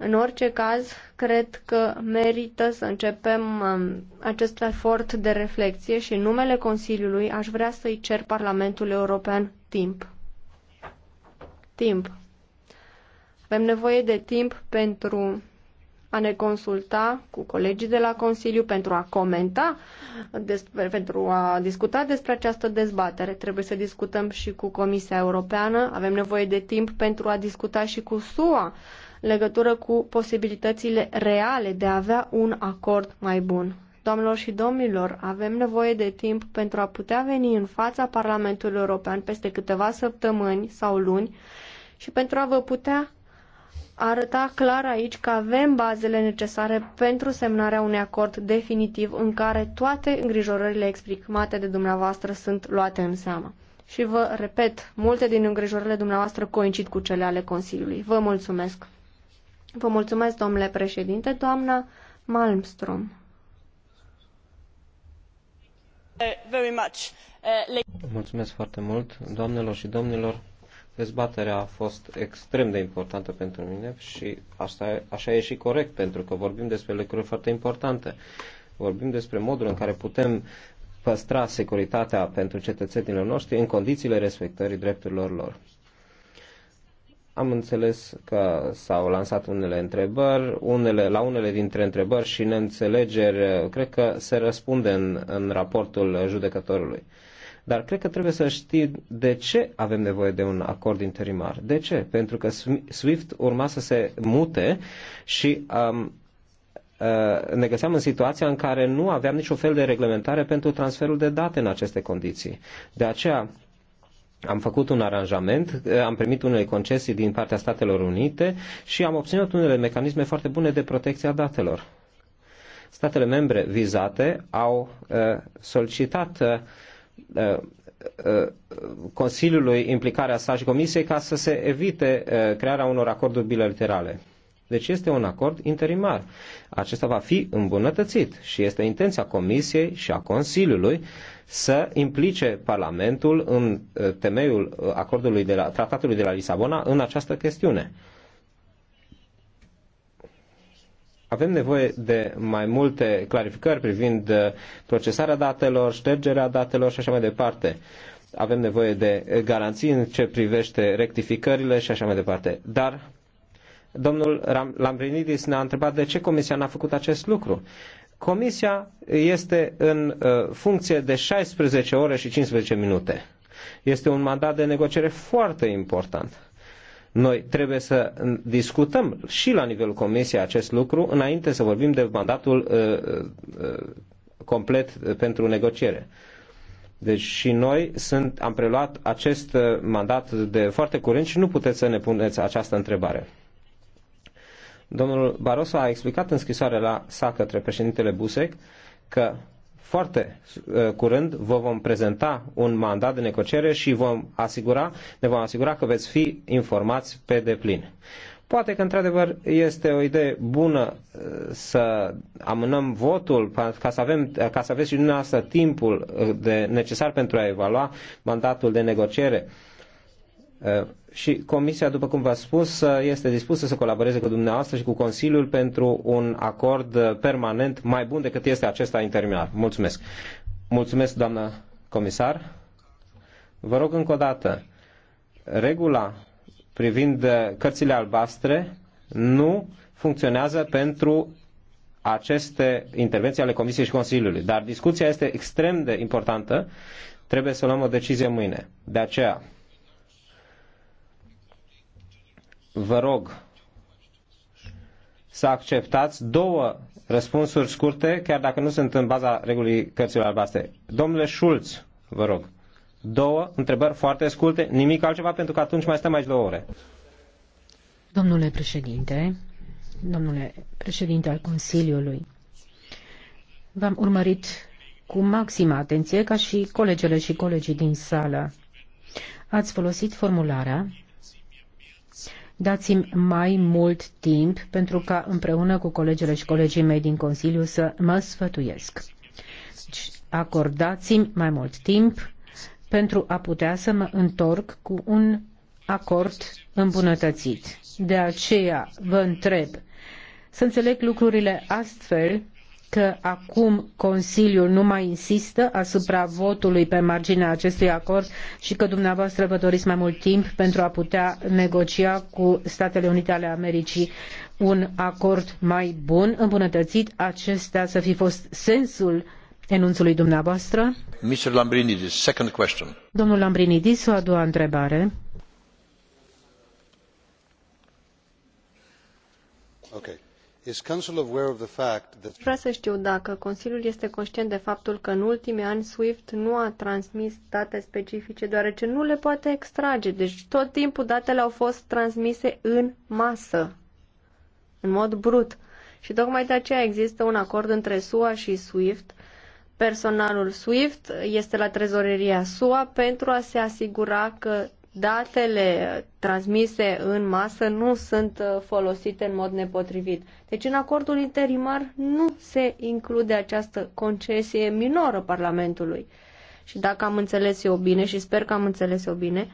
În orice caz, cred că merită să începem um, acest efort de reflexie și în numele Consiliului aș vrea să-i cer Parlamentul European timp. Timp. Avem nevoie de timp pentru a ne consulta cu colegii de la Consiliu pentru a comenta, despre, pentru a discuta despre această dezbatere. Trebuie să discutăm și cu Comisia Europeană. Avem nevoie de timp pentru a discuta și cu SUA în legătură cu posibilitățile reale de a avea un acord mai bun. Doamnelor și domnilor, avem nevoie de timp pentru a putea veni în fața Parlamentului European peste câteva săptămâni sau luni și pentru a vă putea arăta clar aici că avem bazele necesare pentru semnarea unui acord definitiv în care toate îngrijorările exprimate de dumneavoastră sunt luate în seamă. Și vă repet, multe din îngrijorările dumneavoastră coincid cu cele ale Consiliului. Vă mulțumesc! Vă mulțumesc, domnule președinte, doamna Malmström. Uh, mulțumesc foarte mult, doamnelor și domnilor. Dezbaterea a fost extrem de importantă pentru mine și asta, așa e și corect, pentru că vorbim despre lucruri foarte importante. Vorbim despre modul în care putem păstra securitatea pentru cetățenilor noștri în condițiile respectării drepturilor lor. Am înțeles că s-au lansat unele întrebări, unele, la unele dintre întrebări și neînțelegeri, cred că se răspunde în, în raportul judecătorului. Dar cred că trebuie să știi de ce avem nevoie de un acord interimar. De ce? Pentru că SWIFT urma să se mute și um, uh, ne găseam în situația în care nu aveam niciun fel de reglementare pentru transferul de date în aceste condiții. De aceea, am făcut un aranjament, eh, am primit unele concesii din partea Statelor Unite și am obținut unele mecanisme foarte bune de protecție a datelor. Statele membre vizate au eh, solicitat eh, Consiliului implicarea sa și Comisiei ca să se evite crearea unor acorduri bilaterale. Deci este un acord interimar. Acesta va fi îmbunătățit și este intenția Comisiei și a Consiliului să implice Parlamentul în uh, temeiul uh, acordului de la, tratatului de la Lisabona în această chestiune. Avem nevoie de mai multe clarificări privind uh, procesarea datelor, ștergerea datelor și așa mai departe. Avem nevoie de garanții în ce privește rectificările și așa mai departe. Dar domnul Lambrinidis ne-a întrebat de ce Comisia n-a făcut acest lucru. Comisia este în uh, funcție de 16 ore și 15 minute. Este un mandat de negociere foarte important. Noi trebuie să discutăm și la nivelul Comisiei acest lucru înainte să vorbim de mandatul uh, uh, complet pentru negociere. Deci și noi sunt, am preluat acest uh, mandat de foarte curând și nu puteți să ne puneți această întrebare. Domnul Barroso a explicat în scrisoare la sa către președintele Busec că foarte uh, curând vă vom prezenta un mandat de negociere și vom asigura, ne vom asigura că veți fi informați pe deplin. Poate că, într-adevăr, este o idee bună uh, să amânăm votul ca să, avem, ca să aveți și dumneavoastră timpul uh, de necesar pentru a evalua mandatul de negociere. Uh, și Comisia, după cum v-a spus, uh, este dispusă să colaboreze cu dumneavoastră și cu Consiliul pentru un acord uh, permanent mai bun decât este acesta interminar. Mulțumesc. Mulțumesc, doamnă comisar. Vă rog încă o dată, regula privind cărțile albastre nu funcționează pentru aceste intervenții ale Comisiei și Consiliului. Dar discuția este extrem de importantă. Trebuie să luăm o decizie mâine. De aceea, vă rog să acceptați două răspunsuri scurte, chiar dacă nu sunt în baza regulii cărților albastre. Domnule Schulz, vă rog, două întrebări foarte scurte, nimic altceva, pentru că atunci mai stăm aici două ore. Domnule președinte, domnule președinte al Consiliului, v-am urmărit cu maximă atenție ca și colegele și colegii din sală. Ați folosit formularea dați-mi mai mult timp pentru ca împreună cu colegele și colegii mei din Consiliu să mă sfătuiesc. Deci, acordați-mi mai mult timp pentru a putea să mă întorc cu un acord îmbunătățit. De aceea vă întreb să înțeleg lucrurile astfel că acum Consiliul nu mai insistă asupra votului pe marginea acestui acord și că dumneavoastră vă doriți mai mult timp pentru a putea negocia cu Statele Unite ale Americii un acord mai bun, îmbunătățit, acesta să fi fost sensul enunțului dumneavoastră? Mr. Lambrinidis, second question. Domnul Lambrinidis, o a doua întrebare. Okay. Vreau să știu dacă Consiliul este conștient de faptul că în ultimii ani SWIFT nu a transmis date specifice, deoarece nu le poate extrage. Deci tot timpul datele au fost transmise în masă, în mod brut. Și tocmai de aceea există un acord între SUA și SWIFT. Personalul SWIFT este la trezoreria SUA pentru a se asigura că datele transmise în masă nu sunt uh, folosite în mod nepotrivit. Deci în acordul interimar nu se include această concesie minoră Parlamentului. Și dacă am înțeles eu bine, și sper că am înțeles eu bine,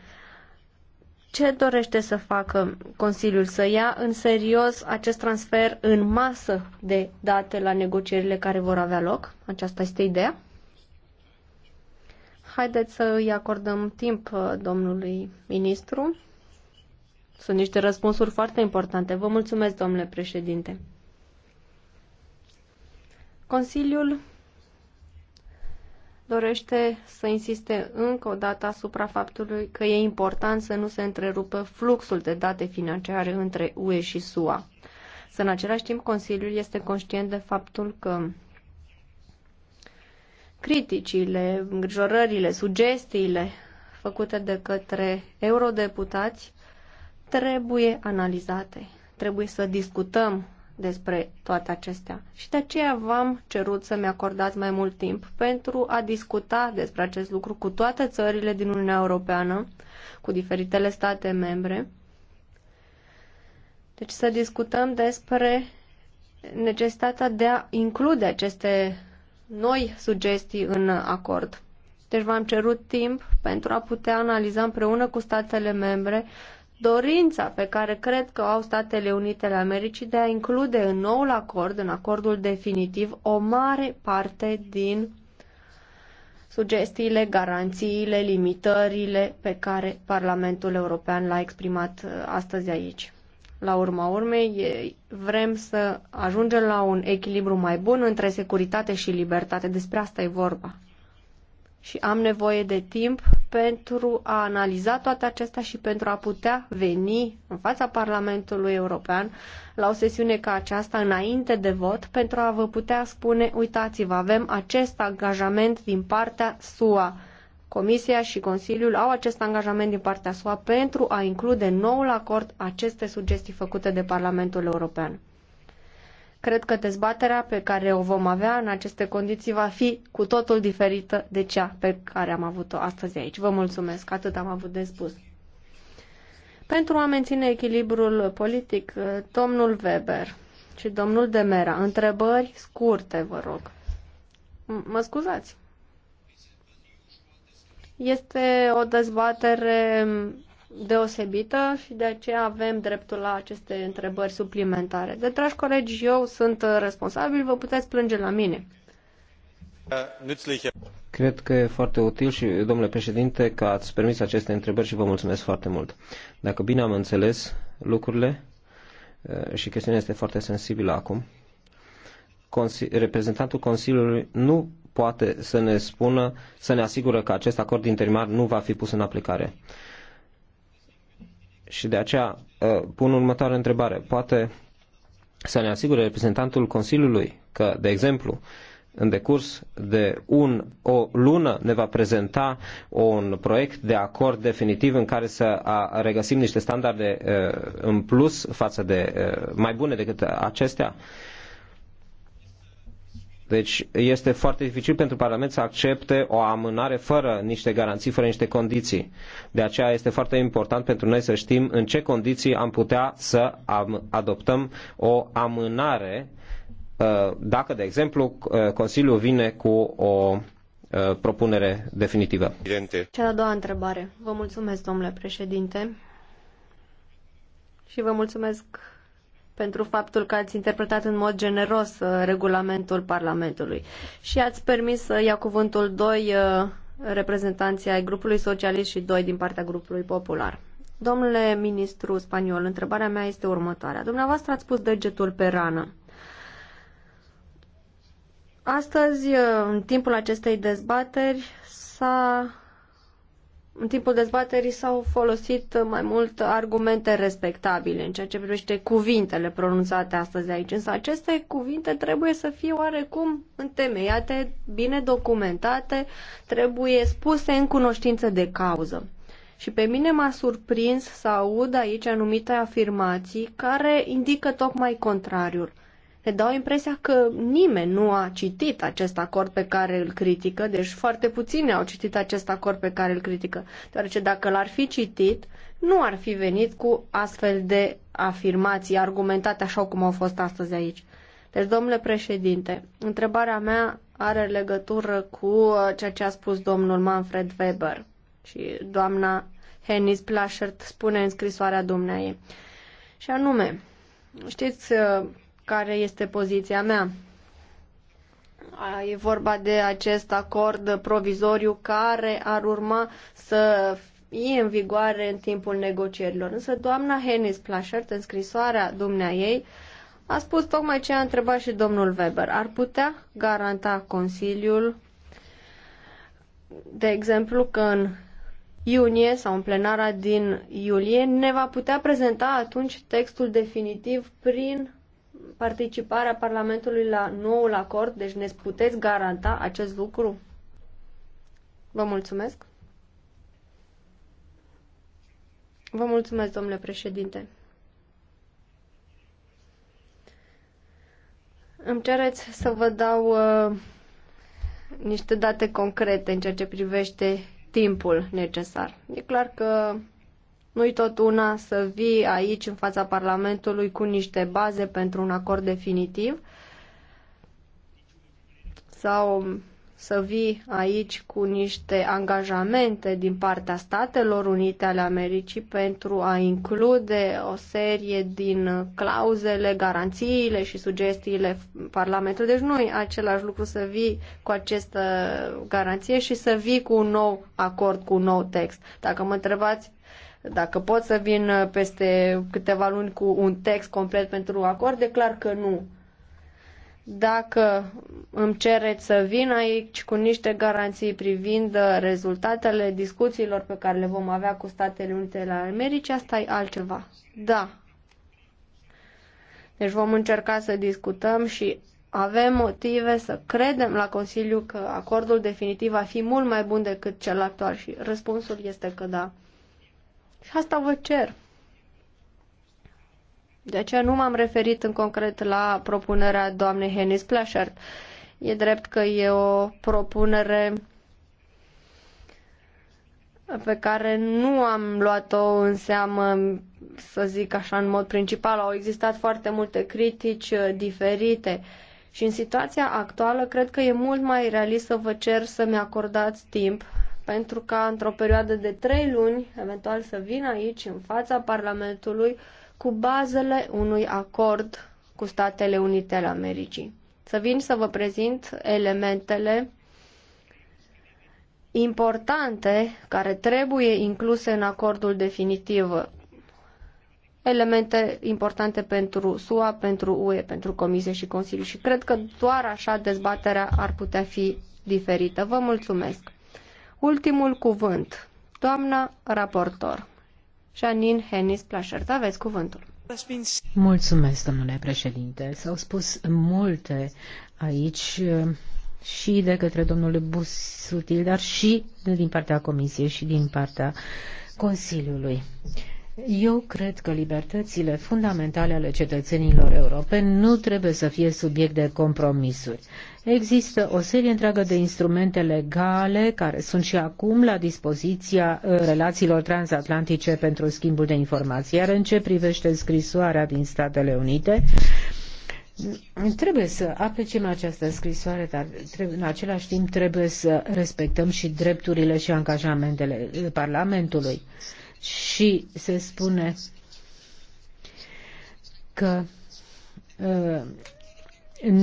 ce dorește să facă Consiliul? Să ia în serios acest transfer în masă de date la negocierile care vor avea loc? Aceasta este ideea? Haideți să îi acordăm timp uh, domnului ministru. Sunt niște răspunsuri foarte importante. Vă mulțumesc, domnule președinte. Consiliul dorește să insiste încă o dată asupra faptului că e important să nu se întrerupă fluxul de date financiare între UE și SUA. Să în același timp Consiliul este conștient de faptul că criticile, îngrijorările, sugestiile făcute de către eurodeputați trebuie analizate. Trebuie să discutăm despre toate acestea. Și de aceea v-am cerut să-mi acordați mai mult timp pentru a discuta despre acest lucru cu toate țările din Uniunea Europeană, cu diferitele state membre. Deci să discutăm despre necesitatea de a include aceste noi sugestii în acord. Deci v-am cerut timp pentru a putea analiza împreună cu statele membre dorința pe care cred că o au Statele Unite ale Americii de a include în noul acord, în acordul definitiv, o mare parte din sugestiile, garanțiile, limitările pe care Parlamentul European l-a exprimat uh, astăzi aici. La urma urmei, vrem să ajungem la un echilibru mai bun între securitate și libertate. Despre asta e vorba. Și am nevoie de timp pentru a analiza toate acestea și pentru a putea veni în fața Parlamentului European la o sesiune ca aceasta înainte de vot pentru a vă putea spune, uitați-vă, avem acest angajament din partea SUA Comisia și Consiliul au acest angajament din partea SUA pentru a include în noul acord aceste sugestii făcute de Parlamentul European. Cred că dezbaterea pe care o vom avea în aceste condiții va fi cu totul diferită de cea pe care am avut-o astăzi aici. Vă mulțumesc, atât am avut de spus. Pentru a menține echilibrul politic, domnul Weber și domnul Demera, întrebări scurte, vă rog. M mă scuzați. Este o dezbatere deosebită și de aceea avem dreptul la aceste întrebări suplimentare. De dragi colegi, eu sunt responsabil, vă puteți plânge la mine. Cred că e foarte util și, domnule președinte, că ați permis aceste întrebări și vă mulțumesc foarte mult. Dacă bine am înțeles lucrurile, eh, și chestiunea este foarte sensibilă acum, reprezentantul Consiliului nu poate să ne spună, să ne asigură că acest acord interimar nu va fi pus în aplicare. Și de aceea uh, pun următoarea întrebare. Poate să ne asigure reprezentantul Consiliului că, de exemplu, în decurs de un, o lună ne va prezenta un proiect de acord definitiv în care să a, regăsim niște standarde uh, în plus față de uh, mai bune decât acestea. Uh, deci este foarte dificil pentru Parlament să accepte o amânare fără niște garanții, fără niște condiții. De aceea este foarte important pentru noi să știm în ce condiții am putea să adoptăm o amânare uh, dacă, de exemplu, uh, Consiliul vine cu o uh, propunere definitivă. Cea de-a doua întrebare. Vă mulțumesc, domnule președinte. Și vă mulțumesc pentru faptul că ați interpretat în mod generos uh, regulamentul Parlamentului și ați permis să ia cuvântul doi uh, reprezentanții ai grupului socialist și doi din partea grupului popular. Domnule ministru spaniol, întrebarea mea este următoarea. Dumneavoastră ați pus degetul pe rană. Astăzi, uh, în timpul acestei dezbateri, s-a în timpul dezbaterii s-au folosit mai mult argumente respectabile în ceea ce privește cuvintele pronunțate astăzi aici, însă aceste cuvinte trebuie să fie oarecum întemeiate, bine documentate, trebuie spuse în cunoștință de cauză. Și pe mine m-a surprins să aud aici anumite afirmații care indică tocmai contrariul – ne dau impresia că nimeni nu a citit acest acord pe care îl critică, deci foarte puțini au citit acest acord pe care îl critică, deoarece dacă l-ar fi citit, nu ar fi venit cu astfel de afirmații argumentate așa cum au fost astăzi aici. Deci, domnule președinte, întrebarea mea are legătură cu uh, ceea ce a spus domnul Manfred Weber și doamna Hennis Plashert spune în scrisoarea dumneai. Și anume, știți, uh, care este poziția mea. E vorba de acest acord provizoriu care ar urma să fie în vigoare în timpul negocierilor. Însă doamna hennis Plashert, în scrisoarea dumnea ei, a spus tocmai ce a întrebat și domnul Weber. Ar putea garanta Consiliul, de exemplu, că în iunie sau în plenara din iulie ne va putea prezenta atunci textul definitiv prin participarea Parlamentului la noul acord? Deci ne puteți garanta acest lucru? Vă mulțumesc. Vă mulțumesc, domnule președinte. Îmi cereți să vă dau uh, niște date concrete în ceea ce privește timpul necesar. E clar că nu-i tot una să vii aici în fața Parlamentului cu niște baze pentru un acord definitiv sau să vii aici cu niște angajamente din partea Statelor Unite ale Americii pentru a include o serie din clauzele, garanțiile și sugestiile Parlamentului. Deci nu e același lucru să vii cu această garanție și să vii cu un nou acord, cu un nou text. Dacă mă întrebați dacă pot să vin uh, peste câteva luni cu un text complet pentru acord, declar că nu. Dacă îmi cereți să vin aici cu niște garanții privind uh, rezultatele discuțiilor pe care le vom avea cu Statele Unite la Americii, asta e altceva. Da. Deci vom încerca să discutăm și avem motive să credem la Consiliu că acordul definitiv va fi mult mai bun decât cel actual și răspunsul este că da. Și asta vă cer. De aceea nu m-am referit în concret la propunerea doamnei Hennis Plasher. E drept că e o propunere pe care nu am luat-o în seamă, să zic așa, în mod principal. Au existat foarte multe critici uh, diferite și în situația actuală cred că e mult mai realist să vă cer să-mi acordați timp pentru ca într-o perioadă de trei luni, eventual să vină aici, în fața Parlamentului, cu bazele unui acord cu Statele Unite ale Americii. Să vin să vă prezint elementele importante care trebuie incluse în acordul definitiv. Elemente importante pentru SUA, pentru UE, pentru Comisie și Consiliu. Și cred că doar așa dezbaterea ar putea fi diferită. Vă mulțumesc! ultimul cuvânt. Doamna raportor, Janine Henis Plașert, aveți cuvântul. Mulțumesc, domnule președinte. S-au spus multe aici eh, și de către domnul Busutil, dar și din partea Comisiei și din partea Consiliului. Eu cred că libertățile fundamentale ale cetățenilor europeni nu trebuie să fie subiect de compromisuri. Există o serie întreagă de instrumente legale care sunt și acum la dispoziția uh, relațiilor transatlantice pentru schimbul de informații. Iar în ce privește scrisoarea din Statele Unite, Trebuie să apreciem această scrisoare, dar trebuie, în același timp trebuie să respectăm și drepturile și angajamentele uh, Parlamentului și se spune că uh,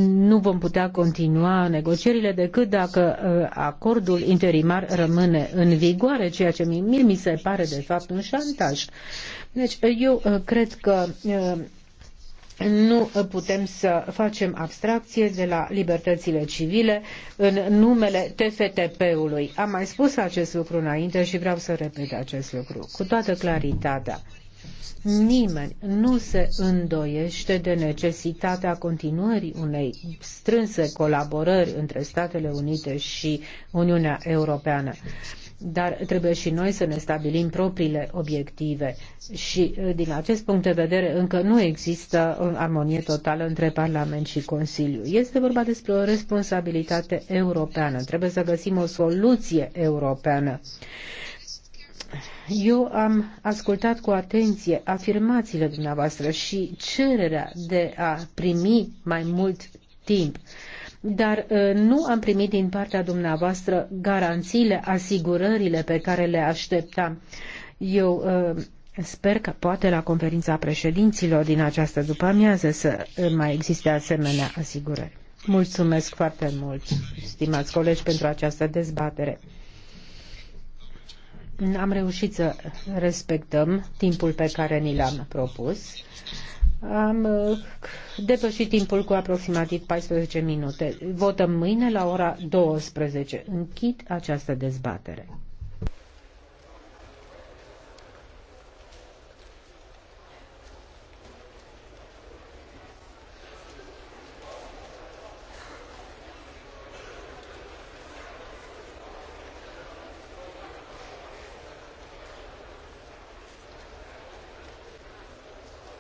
nu vom putea continua negocierile decât dacă uh, acordul interimar rămâne în vigoare, ceea ce mie mi se pare de fapt un șantaj. Deci eu uh, cred că nu putem să facem abstracție de la libertățile civile în numele TFTP-ului. Am mai spus acest lucru înainte și vreau să repet acest lucru cu toată claritatea. Nimeni nu se îndoiește de necesitatea continuării unei strânse colaborări între Statele Unite și Uniunea Europeană dar trebuie și noi să ne stabilim propriile obiective și uh, din acest punct de vedere încă nu există o uh, armonie totală între Parlament și Consiliu. Este vorba despre o responsabilitate europeană. Trebuie să găsim o soluție europeană. Eu am ascultat cu atenție afirmațiile dumneavoastră și cererea de a primi mai mult timp. Uh, dar uh, nu am primit din partea dumneavoastră garanțiile, asigurările pe care le așteptam. Eu uh, Sper că poate la conferința președinților din această după-amiază să uh, mai existe asemenea asigurări. Mulțumesc foarte mult, stimați colegi, pentru această dezbatere. Am reușit să respectăm timpul pe care ni l-am propus. Am uh, depășit timpul cu aproximativ 14 minute. Votăm mâine la ora 12. Închid această dezbatere.